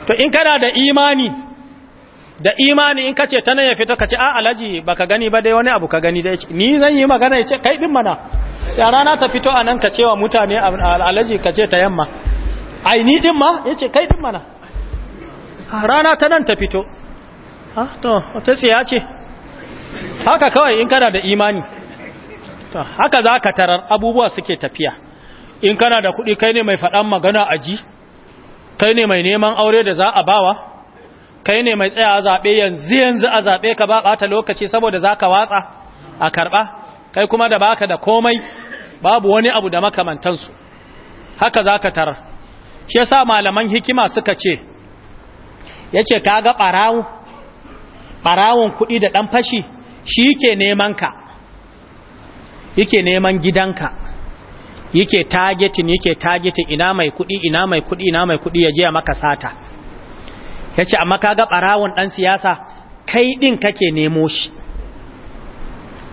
to in kana da imani da imani in kace ta ya fito kace a alaji baka gani ba dai wani abu ka gani dai ni zan yi magana ya ce kai din mana ya rana ta fito anan ka cewa mutane alaji kace ta yamma ai ni din ma yace kai din mana rana ta nan ta fito Ha? Ah, to wata ya ce haka kawai in kana da imani haka za ka tarar abubuwa suke tafiya in kana da kuɗi kai ne mai faɗan magana a ji kai ne mai neman aure da za a bawa kai ne mai tsaya a zaɓe yanzu yanzu a zaɓe ka ba ɓata lokaci saboda za ka watsa a karɓa kai kuma da baka da komai babu wani abu da makamantansu haka za ka tarar shi yasa malaman hikima suka ce ya ce ka ga ɓarawo ɓarawon kuɗi da ɗan fashi shi yake neman ka yake neman gidanka yake targetin yake targetin ina mai kuɗi ina mai kuɗi ina mai kuɗi ya je maka sata ya ce amma ka ga ɓarawon ɗan siyasa kai ɗin kake nemo shi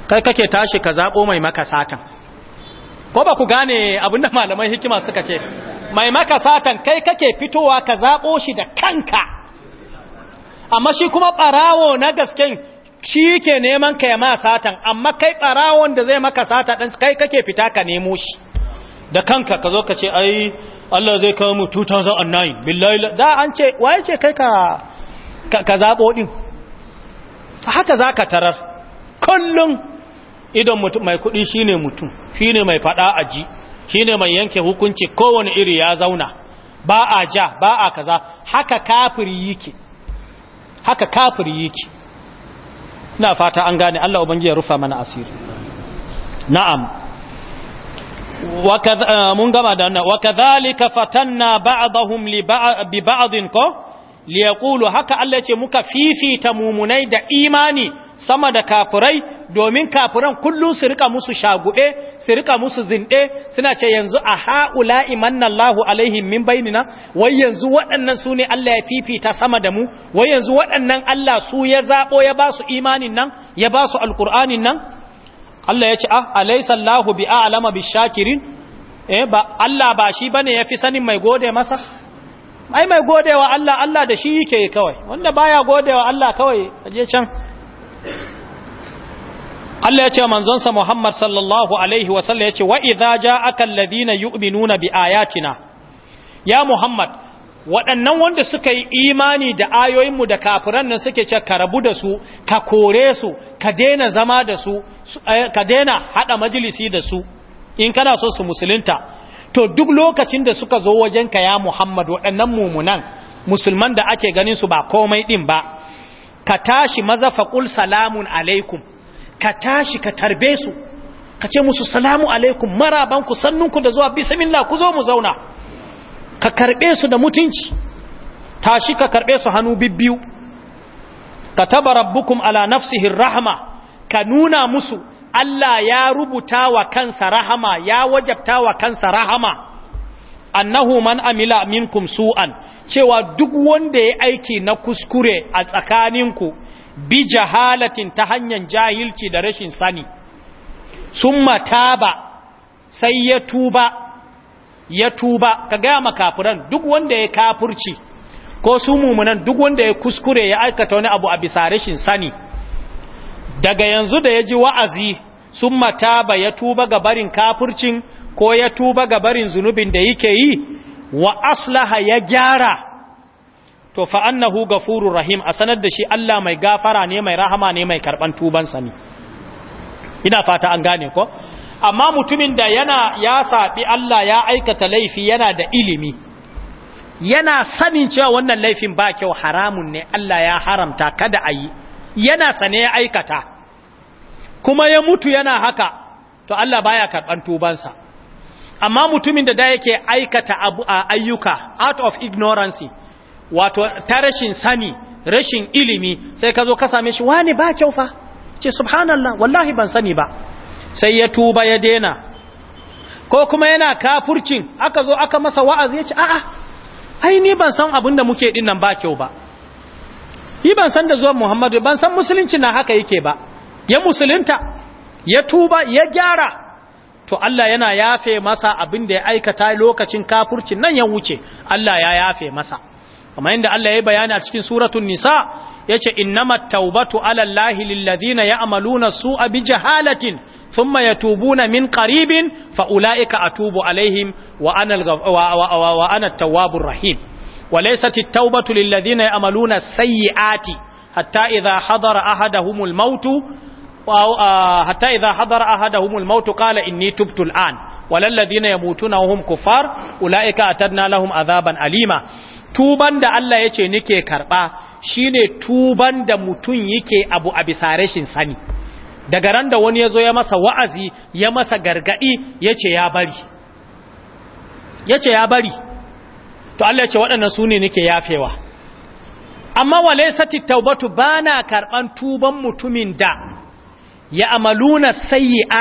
kai kake tashi ka zaɓo mai maka satan ko ba ku gane abinda malaman hikima suka ce mai maka satan kai kake fitowa ka zaɓo shi da kanka amma shi kuma ɓarawo na gasken shi ke neman ka ma satan amma kai ɓarawon da zai maka sata ɗan kai kake fita ka nemo shi da kanka ka zo ka ce ai Allah zai kawo mu 2009 billahi da an ce waye ce kai ka ka zabo din haka zaka tarar kullun idan mutum mai kudi shine mutum shine mai fada aji shine mai yanke hukunci kowane iri ya zauna ba a ja ba a kaza haka kafiri yake haka kafiri yake na fata an gane Allah ubangiji ya rufa mana asiri na'am eh, mun gama da wannan wa kadhalika fatanna ba'dahum bi ba'din ko liyaqulu haka Allah ce muka fifita mumunai da imani sama da kafurai domin kafuran kullum su rika musu shagube su rika musu zinɗe suna ce yanzu a ha'ula imanna Allahu alaihim min bainina wai yanzu waɗannan su ne Allah ya fifita sama da mu wai yanzu waɗannan Allah su ya zaɓo ya ba su imanin nan ya ba su alƙur'anin nan Allah ya ce a ah, alaysa Allahu bi'alama bishakirin shakirin eh ba Allah ba shi bane ya fi sanin mai gode masa ai mai godewa Allah Allah da shi yake kawai wanda baya godewa Allah kawai aje can Allah ya ce manzonsa Muhammad sallallahu alaihi wasallam ya ce wa idza ja'aka alladhina yu'minuna bi ayatina ya Muhammad waɗannan wanda suka yi imani da ayoyinmu da kafiran nan suke ce ka rabu da su ka kore su ka daina zama da su eh, ka daina hada majalisi da su in kana so su musulunta to duk lokacin da suka zo wajenka ya Muhammad waɗannan mumunan musulman da ake ganin su ba komai din ba ka tashi maza faqul salamun alaikum ka tashi ka tarbe su ka ce musu salamu alaikum marabanku sannunku da zuwa bisimillah ku zo mu zauna ka karbe su da mutunci tashi ka karbe su hannu bibbiyu ka taba rabbukum ala nafsihi rahma ka nuna musu Allah ya rubuta wa kansa rahama ya wajabta wa kansa rahama annahu man amila minkum su'an cewa duk wanda ya aiki na kuskure a tsakaninku bi jahalatin ta hanyar jahilci da rashin sani sun mataba sai ya tuba ya tuba ka gaya makafuran duk wanda ya kafurci ko su mumunan duk wanda ya kuskure ya aikata wani abu a bisa rashin sani daga yanzu da ya ji wa'azi sun mataba ya tuba ga barin kafurcin ko ya tuba ga barin zunubin da yake yi wa aslaha ya gyara to fa annahu gafurur rahim a sanar da shi Allah mai gafara ne mai rahama ne mai karban tubansa ne ina fata an gane ko amma mutumin da yana ya saɓi Allah ya aikata laifi yana da ilimi yana sanin cewa wannan laifin ba kyau haramun ne Allah ya haramta kada a yi yana sane ya aikata kuma ya mutu yana haka to Allah baya karɓan tubansa amma mutumin da da yake aikata a abu ayyuka out of ignorance wato ta rashin sani rashin ilimi sai ka zo ka same shi wani ba kyau fa ce subhanallah wallahi ban sani ba sai ya tuba ya dena ko kuma yana kafurcin aka zo aka masa wa'azi ya ce a'a ai ni ban san abin muke din nan ba kyau ba yi ban san da zuwan muhammadu ban san musulunci na haka yake ba ya musulunta ya tuba ya gyara to Allah yana yafe masa abin da ya aikata lokacin kafurcin nan ya wuce Allah ya yafe masa kamar yadda Allah ya bayani a cikin suratun nisa yace innamat tawbatu ala allahi lilladhina ya'maluna su'a bi jahalatin thumma yatubuna min qaribin fa ulaika atubu alaihim wa ana wa ana tawwabur rahim wa laysat at-tawbatu lilladhina ya'maluna sayyi'ati hatta idha hadara ahaduhumul mautu حتى إذا حضر أحدهم الموت قال إني تبت الآن وللذين يموتون وهم كفار أولئك أتدنا لهم عذابا أليما tuban da Allah ya ce nike karɓa shine tuban da mutum yake abu a bisa rashin sani daga ran da wani ya zo ya masa wa'azi ya masa gargaɗi ya ce ya bari ya ce ya bari to Allah ya ce waɗannan su ne nike yafewa amma wale sati taubatu ba na karɓan tuban mutumin da ya amaluna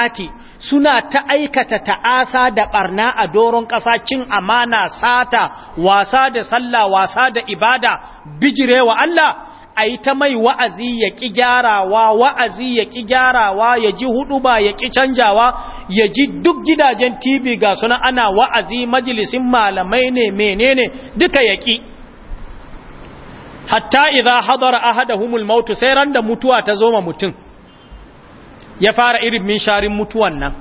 ati. suna ta aikata ta'asa da barna a doron ƙasa cin amana sata wasa da sallah wasa da ibada bijirewa Allah a yi ta mai wa'azi ya ƙi gyarawa wa'azi ya ƙi gyarawa ya ji hudu ba ya ƙi canjawa ya ji duk gidajen tv ga suna ana wa'azi majalisin malamai ne menene duka ya ƙi hatta a hada humul mautu sai ran da mutuwa ta zo ma mutum ya fara irin min sharin mutuwan nan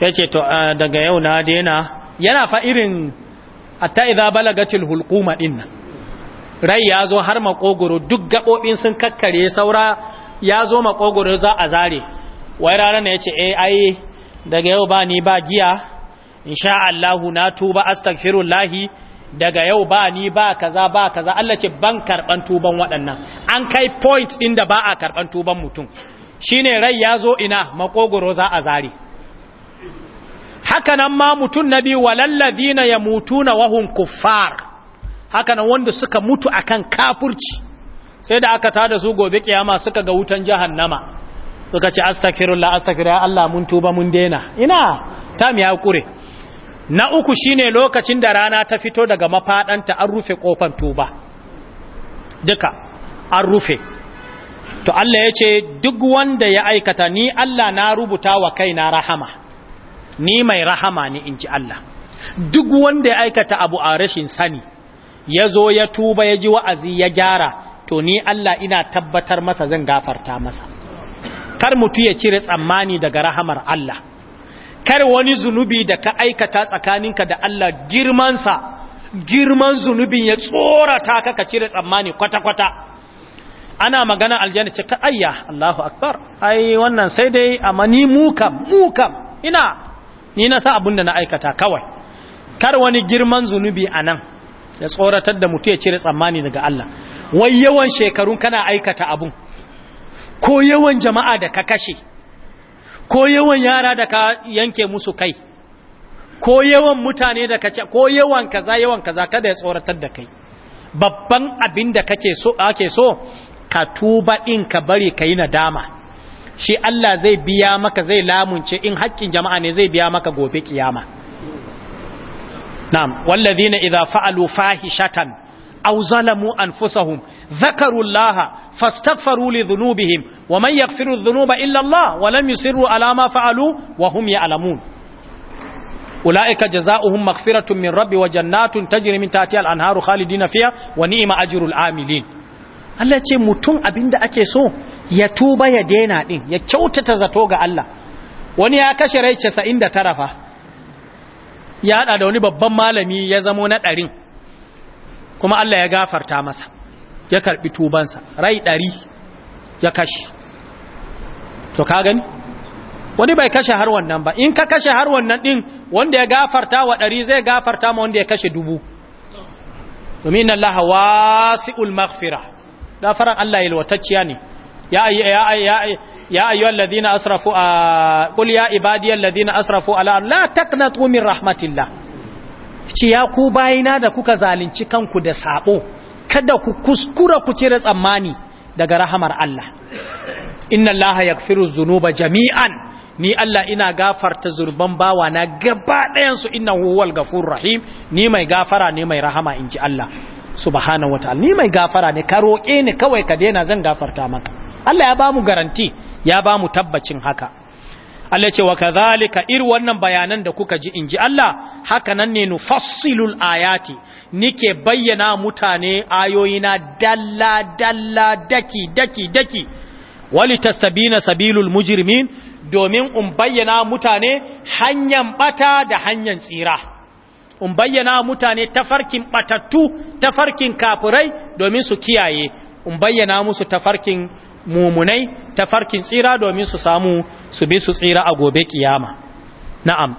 ya ce to daga yau na daina yana fa irin a idza balagatil hulquma dinna rai ya zo har makogoro duk gabobin sun kakkare saura ya zo makogoro za a zare wai ranar ne ya ce eh ai daga yau ba ni ba giya insha allahu na tuba astaghfirullah daga yau ba ni ba kaza ba kaza Allah ce ban karban tuban waɗannan an kai point din da ba a karban tuban mutum shine rai ya zo ina makogoro za a zare Hakanan ma mutum nabi walalladhina yamutuna wahun kuffar Hakanan wanda suka mutu akan kafirci sai da aka tada su gobe kiyama suka ga wutan jahannama suka ce astaghfirullah astaghfirullah Allah mun tuba mun daina ina tam ya kure na uku shine lokacin da rana ta fito daga mafadanta an rufe kofar tuba duka an rufe to Allah ya ce duk wanda ya aikata ni Allah na rubuta wa kaina rahama ni mai rahama ni in Allah duk wanda ya aikata abu a rashin sani ya zo ya tuba ya ji wa'azi ya gyara to ni Allah ina tabbatar masa zan gafarta masa kar mutu ya cire tsammani daga rahamar Allah kar wani zunubi da ka aikata tsakaninka da Allah girmansa girman zunubin ya tsorata ka ka cire tsammani kwata-kwata ana magana aljanna ce ka ayya Allahu akbar ai wannan sai dai amma ni mukam mukam ina ni na sa da na aikata kawai kar wani girman zunubi anan ya tsoratar da mutu ya cire tsammani daga Allah wai yawan shekarun kana aikata abun ko yawan jama'a da ka kashe ko yawan yara da ka yanke musu kai ko yawan mutane da ka ce ko yawan kaza yawan kaza kada ya tsoratar da kai babban abin da kake so ake so ka tuba in ka bari ka yi nadama shi Allah zai biya maka zai lamunce in haƙƙin jama'a ne zai biya maka gobe kiyama na'am wallazina idza fa'alu fahishatan aw zalamu anfusahum dhakaru Allah fastaghfiru li dhunubihim wa man yaghfiru dhunuba illa Allah wa lam yusirru ala ma fa'alu wa hum ya'lamun ulaika jazaohum maghfiratun min rabbi wa jannatun tajri min tahtiha al-anharu khalidina fiha wa ni'ma ajrul amilin Allah ce mutum abinda ake so ya tuba ya dena din ya kyautata zato ga Allah wani ya kashe rai casa'in 99 fa ya hada da wani babban malami ya zamo na ɗarin kuma Allah ya gafarta masa ya karbi tubansa rai ɗari ya kashe to ka gani wani bai kashe har wannan ba in ka kashe har wannan ɗin wanda ya gafarta wa ɗari zai gafarta ma wanda ya kashe dubu domin Allah wasi'ul maghfira gafaran Allah yalwatacciya ne ya ya ya ya ayyuhal ladina asrafu qul ya ibadiyal ladina asrafu ala la taqnatu min rahmatillah ce ya ku bayina da kuka zalunci kanku da sabo kada ku kuskura ku cire tsammani daga rahamar Allah inna Allah yaghfiru dhunuba jami'an ni Allah ina gafarta zurban bawa na gaba ɗayan su inna huwal ghafur rahim ni mai gafara ne mai rahama inji Allah subhanahu wataala ni mai gafara ne ka roƙe ni kawai ka daina zan gafarta maka Allah ya bamu garanti ya bamu tabbacin haka Allah ce wa kazalika ir wannan bayanan da kuka ji inji Allah haka nan ne nufassilul ayati nike bayyana mutane ayoyina dalla dalla daki daki daki wali tastabina sabilul mujrimin domin in bayyana mutane hanyan bata da hanyan tsira in bayyana mutane tafarkin batattu tafarkin kafurai domin su kiyaye in bayyana musu tafarkin mumunai ta farkin tsira domin su samu su bi su tsira a gobe kiyama na'am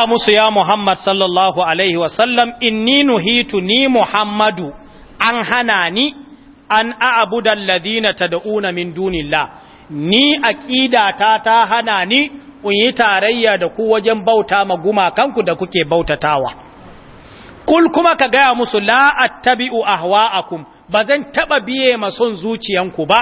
gaya musu ya Muhammad sallallahu Alaihi wasallam inni nuhitu ni Muhammadu an hana ni an a'abudan ladina ta da'una min dunillah ni aƙidata ta hana ni in yi tarayya da ku wajen bauta ma gumakanku da kuke bautatawa kul kuma ka gaya musu la attabi'u ahwa'akum zan taɓa biye ma son zuciyanku ba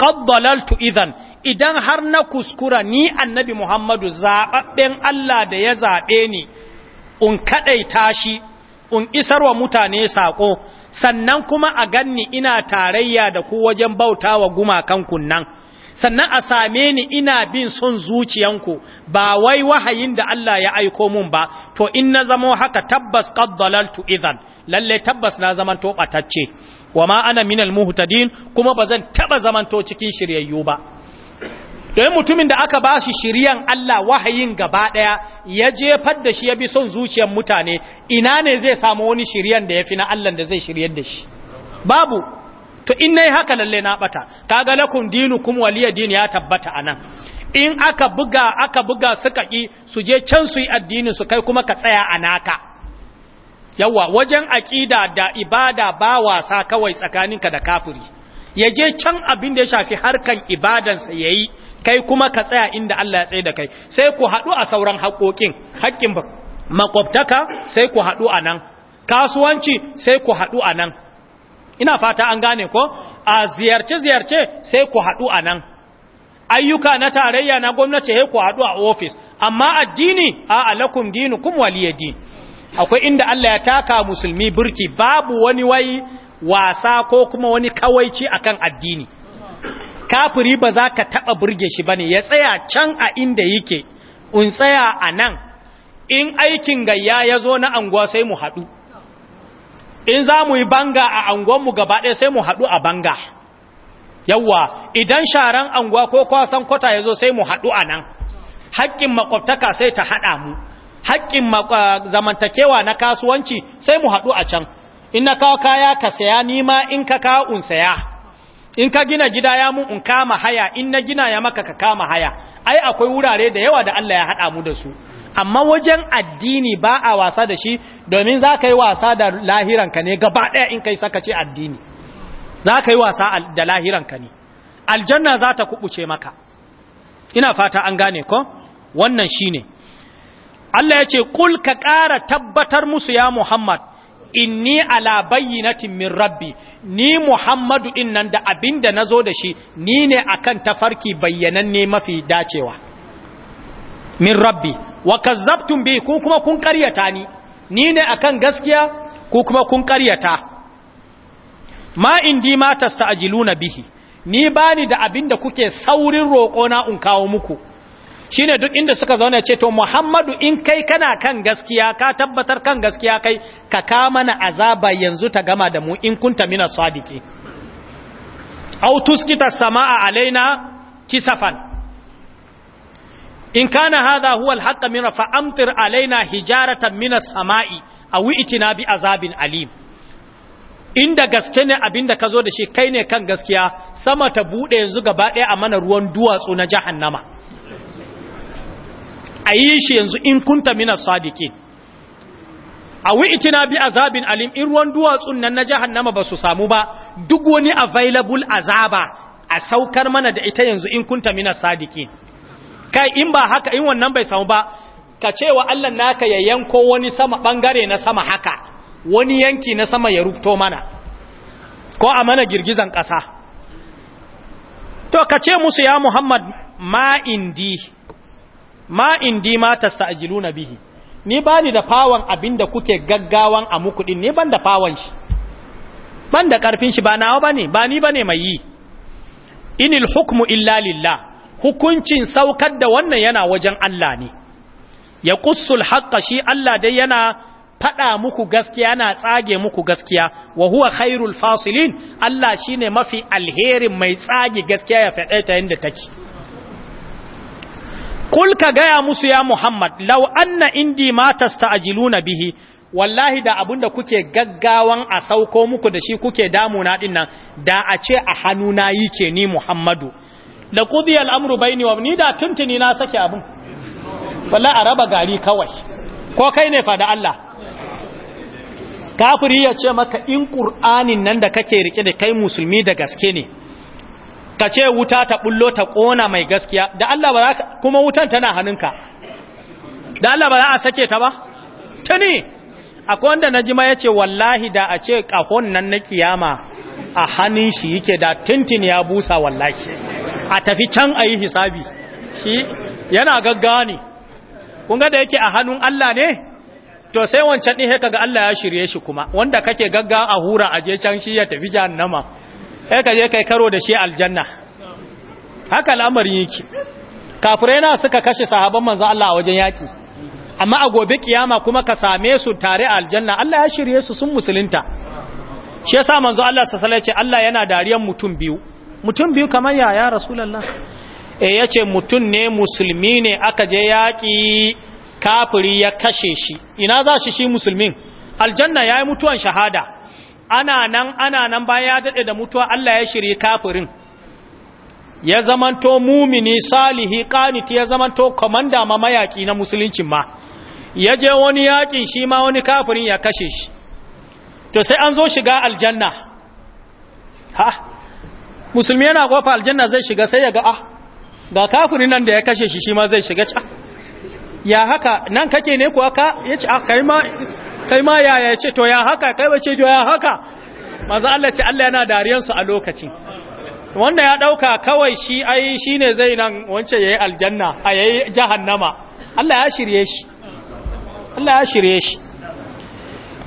qad dalaltu idan idan har na kuskura ni annabi Muhammadu zaɓaɓɓen Allah da ya zaɓe ni kaɗai tashi, shi isar wa mutane saƙo sannan kuma a ganni ina tarayya da ku wajen bauta wa gumakanku nan sannan a same ni ina bin son zuciyanku ba wai wahayin da Allah ya aiko mun ba to in na zamo haka tabbas qad dalaltu idan lalle tabbas na zaman to batacce wa ma ana minal muhtadin kuma bazan taba zaman to cikin shiryayyu ba don mutumin da aka ba shi shiriyan Allah wahayin gaba ɗaya ya jefar da shi ya bi son zuciyar mutane ina ne zai samu wani shiriyan da ya fi na Allah da zai shiryar da shi babu to in na yi haka lalle na ɓata kaga lakum dinu kuma waliyar dini ya tabbata anan, in aka buga aka buga suka ki su je can su yi addini su kai kuma ka tsaya a naka yawa wajen aƙida da ibada ba wasa kawai tsakaninka da kafiri ya je can abin da ya shafi harkan ibadansa ya yi kai kuma ka tsaya inda Allah ya tsaye da kai sai ku haɗu a sauran hakokin haƙƙin makwabtaka sai ku haɗu a nan kasuwanci sai ku haɗu a nan ina fata an gane ko a ziyarce-ziyarce sai ku haɗu a nan ayyuka na tarayya na gwamnati sai ku haɗu a ofis amma addini a alakum dinu kum waliyadin akwai inda Allah ya taka musulmi burki babu wani wai wasa ko kuma wani kawaici akan addini kafiri ba za ka taɓa burge shi ba ne ya tsaya can a inda yake in tsaya a nan in aikin gayya ya zo na anguwa sai mu haɗu in za mu yi banga a anguwanmu gaba ɗaya sai mu haɗu a banga yawwa idan sharan anguwa ko kwasan kwata ya zo sai mu haɗu a nan haƙƙin makwabtaka sai ta haɗa mu haƙƙin zamantakewa na kasuwanci sai mu haɗu a can in na kawo kaya ka saya nima in ka kawo un saya in ka gina gida ya mun in kama haya in na gina ya maka ka kama haya ai akwai wurare da yawa da Allah ya haɗa mu da su amma wajen addini ba a wasa da shi domin za ka yi wasa da lahiranka ne gaba ɗaya in kai saka ce addini za ka yi wasa da lahiranka ne aljanna za ta kuɓuce maka ina fata an gane ko wannan shi ne Allah ya ce ƙul ka ƙara tabbatar musu ya Muhammad inni ala bayyinatin min rabbi ni muhammadu din nan da abinda nazo da shi ni ne akan tafarki bayyananne mafi dacewa min rabbi wa kazzabtum bi ku kuma kun karyata ni ni ne akan gaskiya ku kuma kun karyata ma indi ma tasta'jiluna bihi ni bani da abinda kuke saurin roƙona in kawo muku shine duk inda suka zauna ce to Muhammadu in kai kana kan gaskiya ka tabbatar kan gaskiya kai ka ka mana azaba yanzu ta gama da mu in kunta mina sadiki aw tuskita samaa alaina kisafan in kana hadha huwa alhaq min fa amtir alaina hijaratan min as-samai aw itina bi azabin alim inda gaske ne abinda ka zo da shi kai ne kan gaskiya sama ta bude yanzu gaba daya a mana ruwan duwatsu na jahannama a yi shi yanzu in kunta mina sadiki a wi'itina bi azabin alim in ruwan duwatsun nan na jahannama ba su samu ba duk wani available azaba a saukar mana da ita yanzu in kunta mina sadiki kai in ba haka in wannan bai samu ba ka wa Allah naka ya yanko wani sama bangare na sama haka wani yanki na sama ya rubto mana ko a mana girgizan ƙasa to ka ce musu ya Muhammad ma indi ma indi ma na bihi ni bani da fawon abinda kuke gaggawan a muku din ne ban da fawon shi ban da karfin shi ba nawa bane ba ni bane mai yi inil hukmu illa lillah hukuncin saukar da wannan yana wajen Allah ne ya qussul haqqi shi Allah dai yana fada muku gaskiya yana tsage muku gaskiya wa huwa khairul fasilin Allah shine mafi alherin mai tsage gaskiya ya fada ta yanda take kul ka gaya musu ya muhammad lau anna indi ma tasta'jiluna bihi wallahi da abinda kuke gaggawan a sauko muku da shi kuke damuna din nan da a ce a hannuna yake ni muhammadu la qudiya bai ni wa ni da tuntuni na sake abin wallahi a raba gari kawai ko kai ne fa Allah kafiri ya ce maka in qur'anin nan da kake rike da kai musulmi da gaske ne ka ce wuta ta bullo ta kona mai gaskiya da Allah ba za kuma wutan tana hannunka da Allah ba za a sake ta ba tuni akwai wanda na jima ya ce wallahi da a ce kahon nan na kiyama a hannun shi yake da tintin ya busa wallahi a tafi can a yi hisabi shi yana gaggawa ne kunga da yake a hannun Allah ne to sai wancan ɗin kaga Allah ya shirye shi kuma wanda kake gaggawa a hura a je can shi ya tafi jahannama Ka je kai karo da shi aljanna haka al'amari yake kafirai na suka kashe sahaban manzo Allah a wajen yaki amma a gobe kiyama kuma ka same su tare a aljanna Allah ya shirye su sun musulunta shi yasa manzo Allah sallallahu alaihi Allah yana dariyan mutum biyu mutum biyu kamar ya ya rasulullah eh yace mutum ne musulmi ne aka je yaki kafiri ya kashe shi ina za shi shi musulmin aljanna yayi mutuwan shahada ana nan ana nan bayan ya daɗe da mutuwa Allah ya shirye kafirin ya zamanto mumini salihi kaniti ya zamanto komanda ma mayaki na musuluncin ma ya je wani yakin shi ma wani kafirin ya kashe shi to sai an zo shiga aljanna ha musulmi yana kofa aljanna zai shiga sai ya ga ah ga kafirin nan da ya kashe shi shi ma zai shiga can. ya haka nan kake ne kuwa ka ya ce kai ma ya ya ce to ya haka kai wace to ya haka maza Allah ce Allah yana dariyansu a lokacin wanda ya ɗauka kawai shi ai shi ne zai nan wance ya yi aljanna a ya yi jahannama Allah ya shirye shi Allah ya shirye shi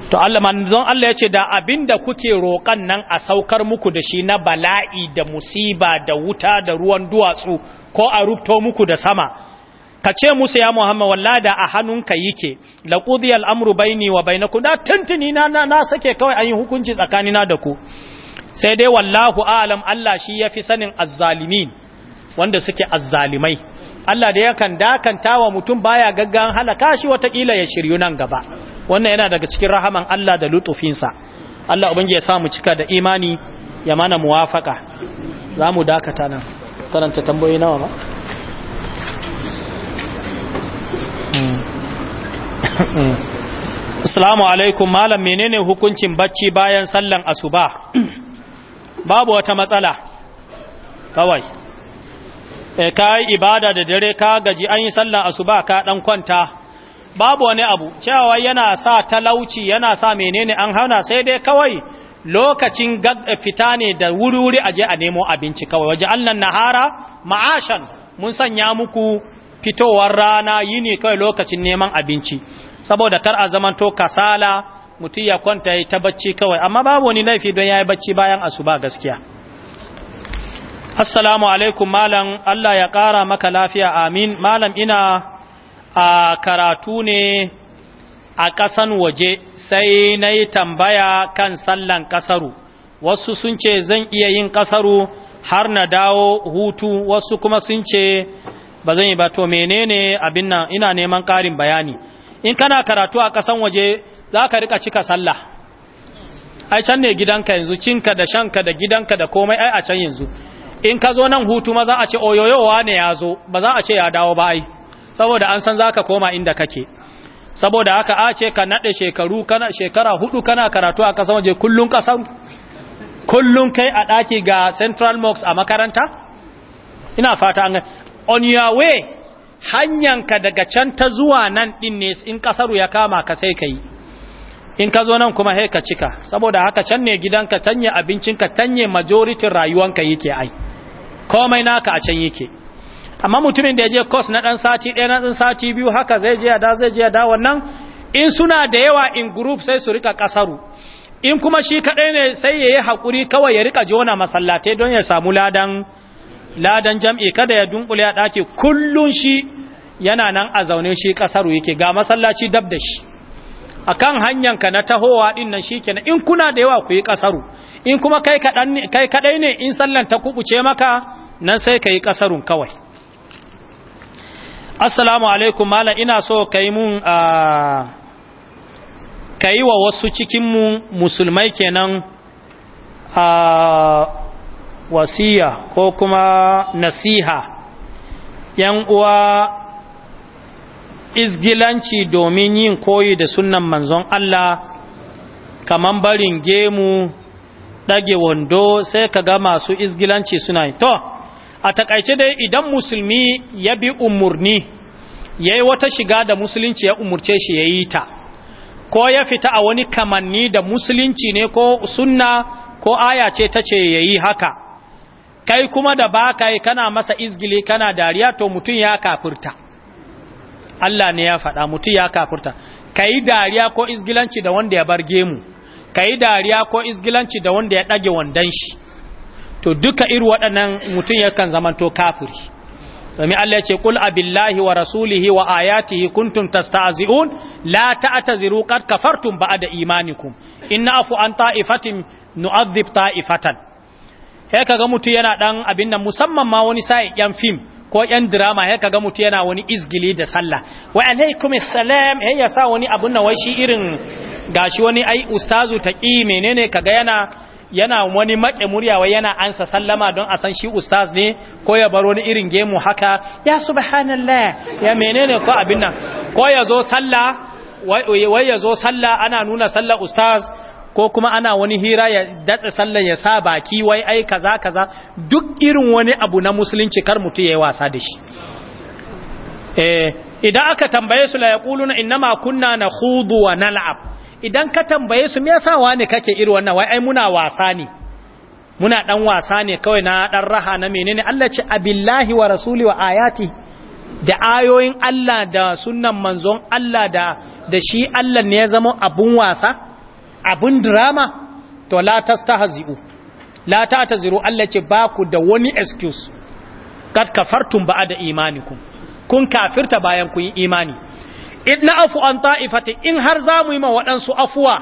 to Allah manzon Allah ya ce da abinda kuke roƙan nan a saukar muku da shi na bala'i da musiba da wuta da ruwan duwatsu ko a rubto muku da sama ka ce musu ya muhammad walla da a hannunka yake amuru bai baini wa bai na tuntuni na na sake kawai an yi hukunci tsakanina da ku sai dai wallahu alam Allah shi ya fi sanin azzalimin wanda suke azzalimai Allah da yakan dakanta wa mutum baya gaggan halaka shi watakila ya shiryu nan gaba wannan yana daga cikin rahaman Allah da lutufinsa Allah ubangi ya samu cika da imani ya mana muwafaka za mu dakata nan karanta tambayoyi nawa ba Mm. Assalamu alaikum malam menene hukuncin bacci bayan sallan asuba babu wata matsala kawai e ka yi ibada da dare ka gaji an yi sallan asuba ka dan kwanta babu wani abu cewa yana sa talauci yana sa menene an hana sai dai kawai lokacin eh, fita ne da wuri-wuri aje a nemo abinci kawai waje allan nahara ma'ashan mun sanya muku fitowar rana yi ne kawai lokacin neman abinci saboda kar a zamanto kasala mutum ya kwanta ya ta bacci kawai amma babu wani laifi don ya yi bacci bayan asuba gaskiya assalamu alaikum malam Allah ya ƙara maka lafiya amin malam ina a karatu ne a ƙasan waje sai na yi tambaya kan sallan ƙasaru wasu sun ce zan iya yin ƙasaru har na dawo hutu wasu kuma sun ce ba zan yi ba to menene abin nan ina neman ƙarin bayani in kana karatu a ƙasan waje za ka rika cika sallah ai can ne gidanka yanzu cinka da shanka da gidanka da komai ai a can yanzu in ka zo nan hutu ma za a ce oyoyowa ne ya zo ba za a ce ya dawo ba ai saboda an san za ka koma inda kake saboda haka a ce ka naɗe shekaru kana shekara hudu kana karatu a ƙasan waje kullum ƙasan kullum kai a ɗaki ga central mosque a makaranta ina fata an on your way hanyanka daga can ta zuwa nan din ne in kasaru ya kama ka sai ka yi in ka zo nan kuma sai ka cika saboda haka can ne gidanka tanye abincinka tanye majoritin rayuwanka yake ai komai naka a can yake amma mutumin da ya je course na dan sati ɗaya na dan sati biyu haka zai je ya da zai je ya da wannan in suna da yawa in group sai su rika kasaru in kuma shi kadai ne sai yayi hakuri kawai ya rika jona masallatai don ya samu ladan ladan jam'i kada ya dunkule a ɗaki kullun shi yana nan a zaune shi ƙasaru yake ga masallaci dab da shi a kan hanyanka na tahowa ɗin nan shi kenan in kuna da yawa ku yi ƙasaru in kuma kai kaɗai ne in sallan ta kukuce maka nan sai ka yi ƙasarun kawai assalamu alaikum mala ina so ka yi mun ka yi wa wasu cikinmu musulmai kenan a wasiya ko kuma nasiha yan uwa izgilanci domin yin koyi da sunan manzon Allah kaman barin gemu dage wando sai ka ga masu izgilanci suna to a takaice dai idan musulmi ya bi umurni ya yi wata shiga da musulunci ya umurce shi ya yi ta ko ya fita a wani kamanni da musulunci ne ko sunna ko aya ce ta ce ya yi haka kai kuma da baka yi kana masa izgili kana dariya to mutum ya kafurta. Allah ne ya faɗa mutum ya Ka kai dariya ko izgilanci da wanda ya barge mu kai dariya ko izgilanci da wanda ya ɗage wandan shi to duka irin waɗannan mutum yakan zamanto kafiri domin Allah ya ce kul abillahi wa rasulihi wa ayatihi kuntum tasta'zi'un la ta'taziru qad kafartum ba'da imanikum in afu an ta'ifatin nu'adhib ta'ifatan sai kaga mutu yana dan abin nan musamman ma wani sai yan film ko yan drama sai kaga mutu yana wani isgili da sallah wa alaikum assalam ya sa wani abun nan wai shi irin gashi wani ai ustazu taqi menene kaga yana yana wani make murya wai yana ansa sallama don a san shi ustaz ne ko ya baro ni irin gemu haka ya subhanallah ya menene ko abin nan ko ya zo sallah wai ya zo sallah ana nuna sallah ustaz ko kuma ana wani hira ya datse sallan ya sa baki wai ai kaza kaza duk irin wani abu na musulunci kar mutu yayi wasa da shi eh idan aka tambaye su la yaquluna ma kunna nakhudu wa nal'ab idan ka tambaye su me yasa wani kake irin wannan wai ai muna wasa ne muna dan wasa ne kawai na dan raha na menene Allah ce abillahi wa rasuli wa ayati da ayoyin Allah da sunnan manzon Allah da da shi Allah ne ya zama abun wasa abin drama to la tastahzi'u la ta'taziru Allah ce ba ku da wani excuse kad kafartum ba'da imanikum kun kafirta bayan kun yi imani idna afu an ta'ifati in har za mu yi ma waɗansu afuwa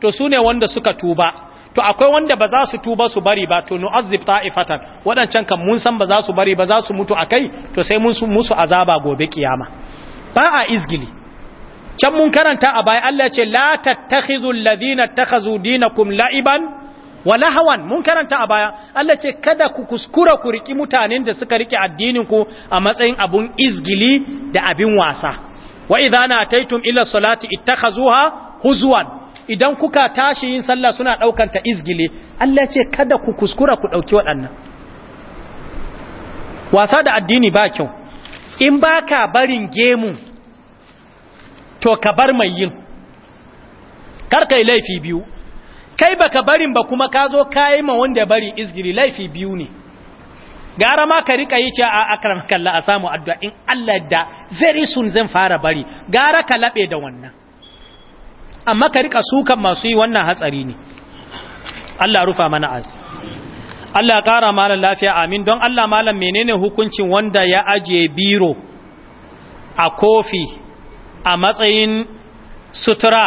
to sune wanda suka tuba to akwai wanda ba za su tuba su bari ba to nu'azzib ta'ifatan waɗancan kan mun san ba za su bari ba za su mutu akai to sai mun musu azaba gobe kiyama ba a izgili can mun karanta a baya Allah ce la tattakhidhu alladhina takhazu dinakum la'iban wa lahawan mun karanta a baya Allah ce kada ku kuskura ku riki mutanen da suka rike addinin ku a matsayin abun izgili da abin wasa wa idza nataytum ila salati ittakhazuha huzwan idan kuka tashi yin sallah suna daukan ta izgili Allah ce kada ku kuskura ku dauki waɗannan wasa da addini ba kyau in baka barin gemu to ka bar mai yin karkai laifi biyu kai baka barin ba kuma ka zo kayi ma wanda ya bari izgiri laifi biyu ne gara ma ka rika yi cewa a akram kalla a samu addu'a in Allah da very soon zan fara bari gara ka labe da wannan amma ka rika sukan masu yi wannan hatsari ne Allah rufa mana azi Allah ƙara malam lafiya amin don Allah malam menene hukuncin wanda ya ajiye biro a kofi a matsayin sutura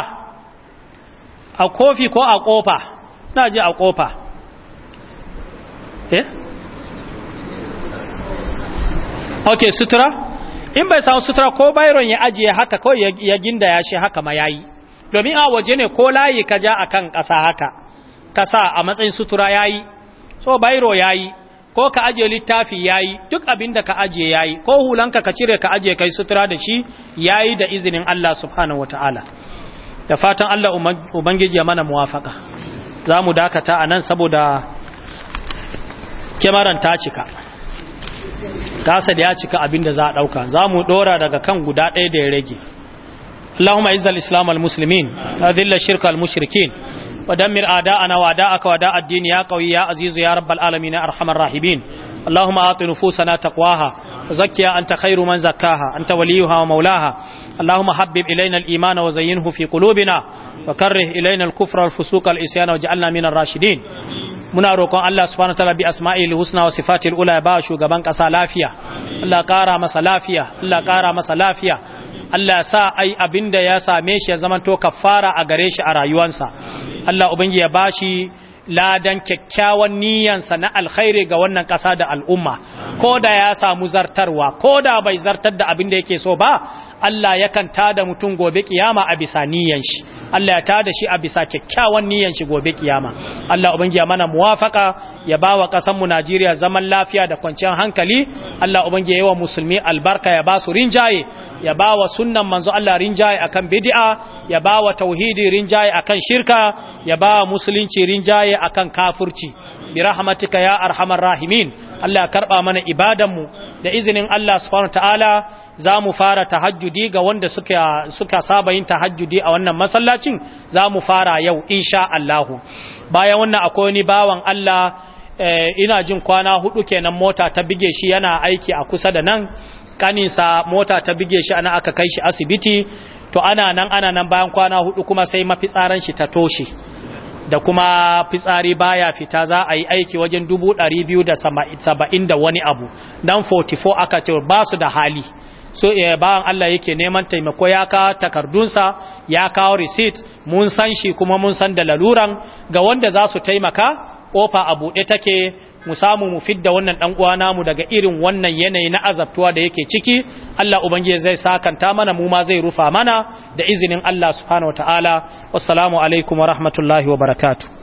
a kofi ko a kofa na ji a kofa eh ok sutura in bai samu sutura ko bayron ya ajiye haka ko ya ginda ya shi haka ma yayi domin a waje ne ko layi ka ja a kan ƙasa haka kasa a matsayin sutura yayi so bayro yayi ko ka ajiye littafi yayi duk abin da ka aje yayi ko hulanka ka cire ka aje kai sutura da shi yayi da izinin Allah subhanahu wataala da fatan Allah ubangiji ya mana muwafaka za mu dakata a nan saboda kyamaran ta cika kasa da ya cika abin da za a ɗauka za mu ɗora daga kan guda ɗaya da ya rage اللهم عز الإسلام المسلمين أذل الشرك المشركين ودمر اعداءنا واعداءك واعداء الدين يا قوي يا عزيز يا رب العالمين ارحم الراحمين اللهم اعط نفوسنا تقواها زكيها انت خير من زكاها انت وليها ومولاها اللهم حبب الينا الايمان وزينه في قلوبنا وكره الينا الكفر والفسوق والعصيان واجعلنا من الراشدين muna roƙon Allah subhanahu wataala bi asma'il husna wa sifatil ula ya ba shugaban ƙasa lafiya Allah ƙara masa lafiya Allah ƙara masa lafiya Allah ya sa ai abinda ya same shi ya zamanto kafara a gare shi a rayuwarsa Allah ubangiji ya bashi ladan kyakkyawan niyansa na alkhairi ga wannan ƙasa da al'umma ko da ya samu zartarwa ko da bai zartar da abinda yake so ba Allah yakan tada mutum gobe kiyama a bisa niyan shi Allah ya tada shi a bisa kyakkyawan niyan shi gobe kiyama Allah ubangiya mana muwafaka ya bawa kasan mu Najeriya zaman lafiya da kwanciyar hankali Allah ubangiya yawa musulmi albarka ya ba su rinjaye ya bawa sunnan manzo Allah rinjaye akan bid'a ya bawa tauhidi rinjaye akan shirka ya bawa musulunci rinjaye akan kafirci bi rahmatika ya arhamar rahimin Allah ya karɓa mana ibadanmu da izinin Allah subhanahu ta'ala za mu fara tahajjudi ga wanda suka saba yin tahajjudi a wannan masallacin za mu fara yau insha Allah bayan wannan akwai wani bawan Allah eh, ina jin kwana hudu kenan mota ta bige shi yana aiki a kusa da nan kaninsa mota ta bige shi ana aka kai shi asibiti to ana nan ana nan bayan kwana hudu kuma sai mafitsaran shi ta toshe da kuma fitsari baya fita za a yi aiki wajen dubu ɗari biyu da saba'in da wani abu dan 44 aka ce ba su da hali so e, eh, bayan Allah yake neman taimako ya kawo takardunsa ya kawo receipt mun san shi kuma mun san da laluran ga wanda za su taimaka kofa a buɗe take mu samu mu fidda wannan dan uwa namu daga irin wannan yanayi na azabtuwa da yake ciki Allah ubangiji zai sakanta mana mu ma zai rufa mana da izinin Allah subhanahu wataala wassalamu alaikum wa rahmatullahi wa barakatu.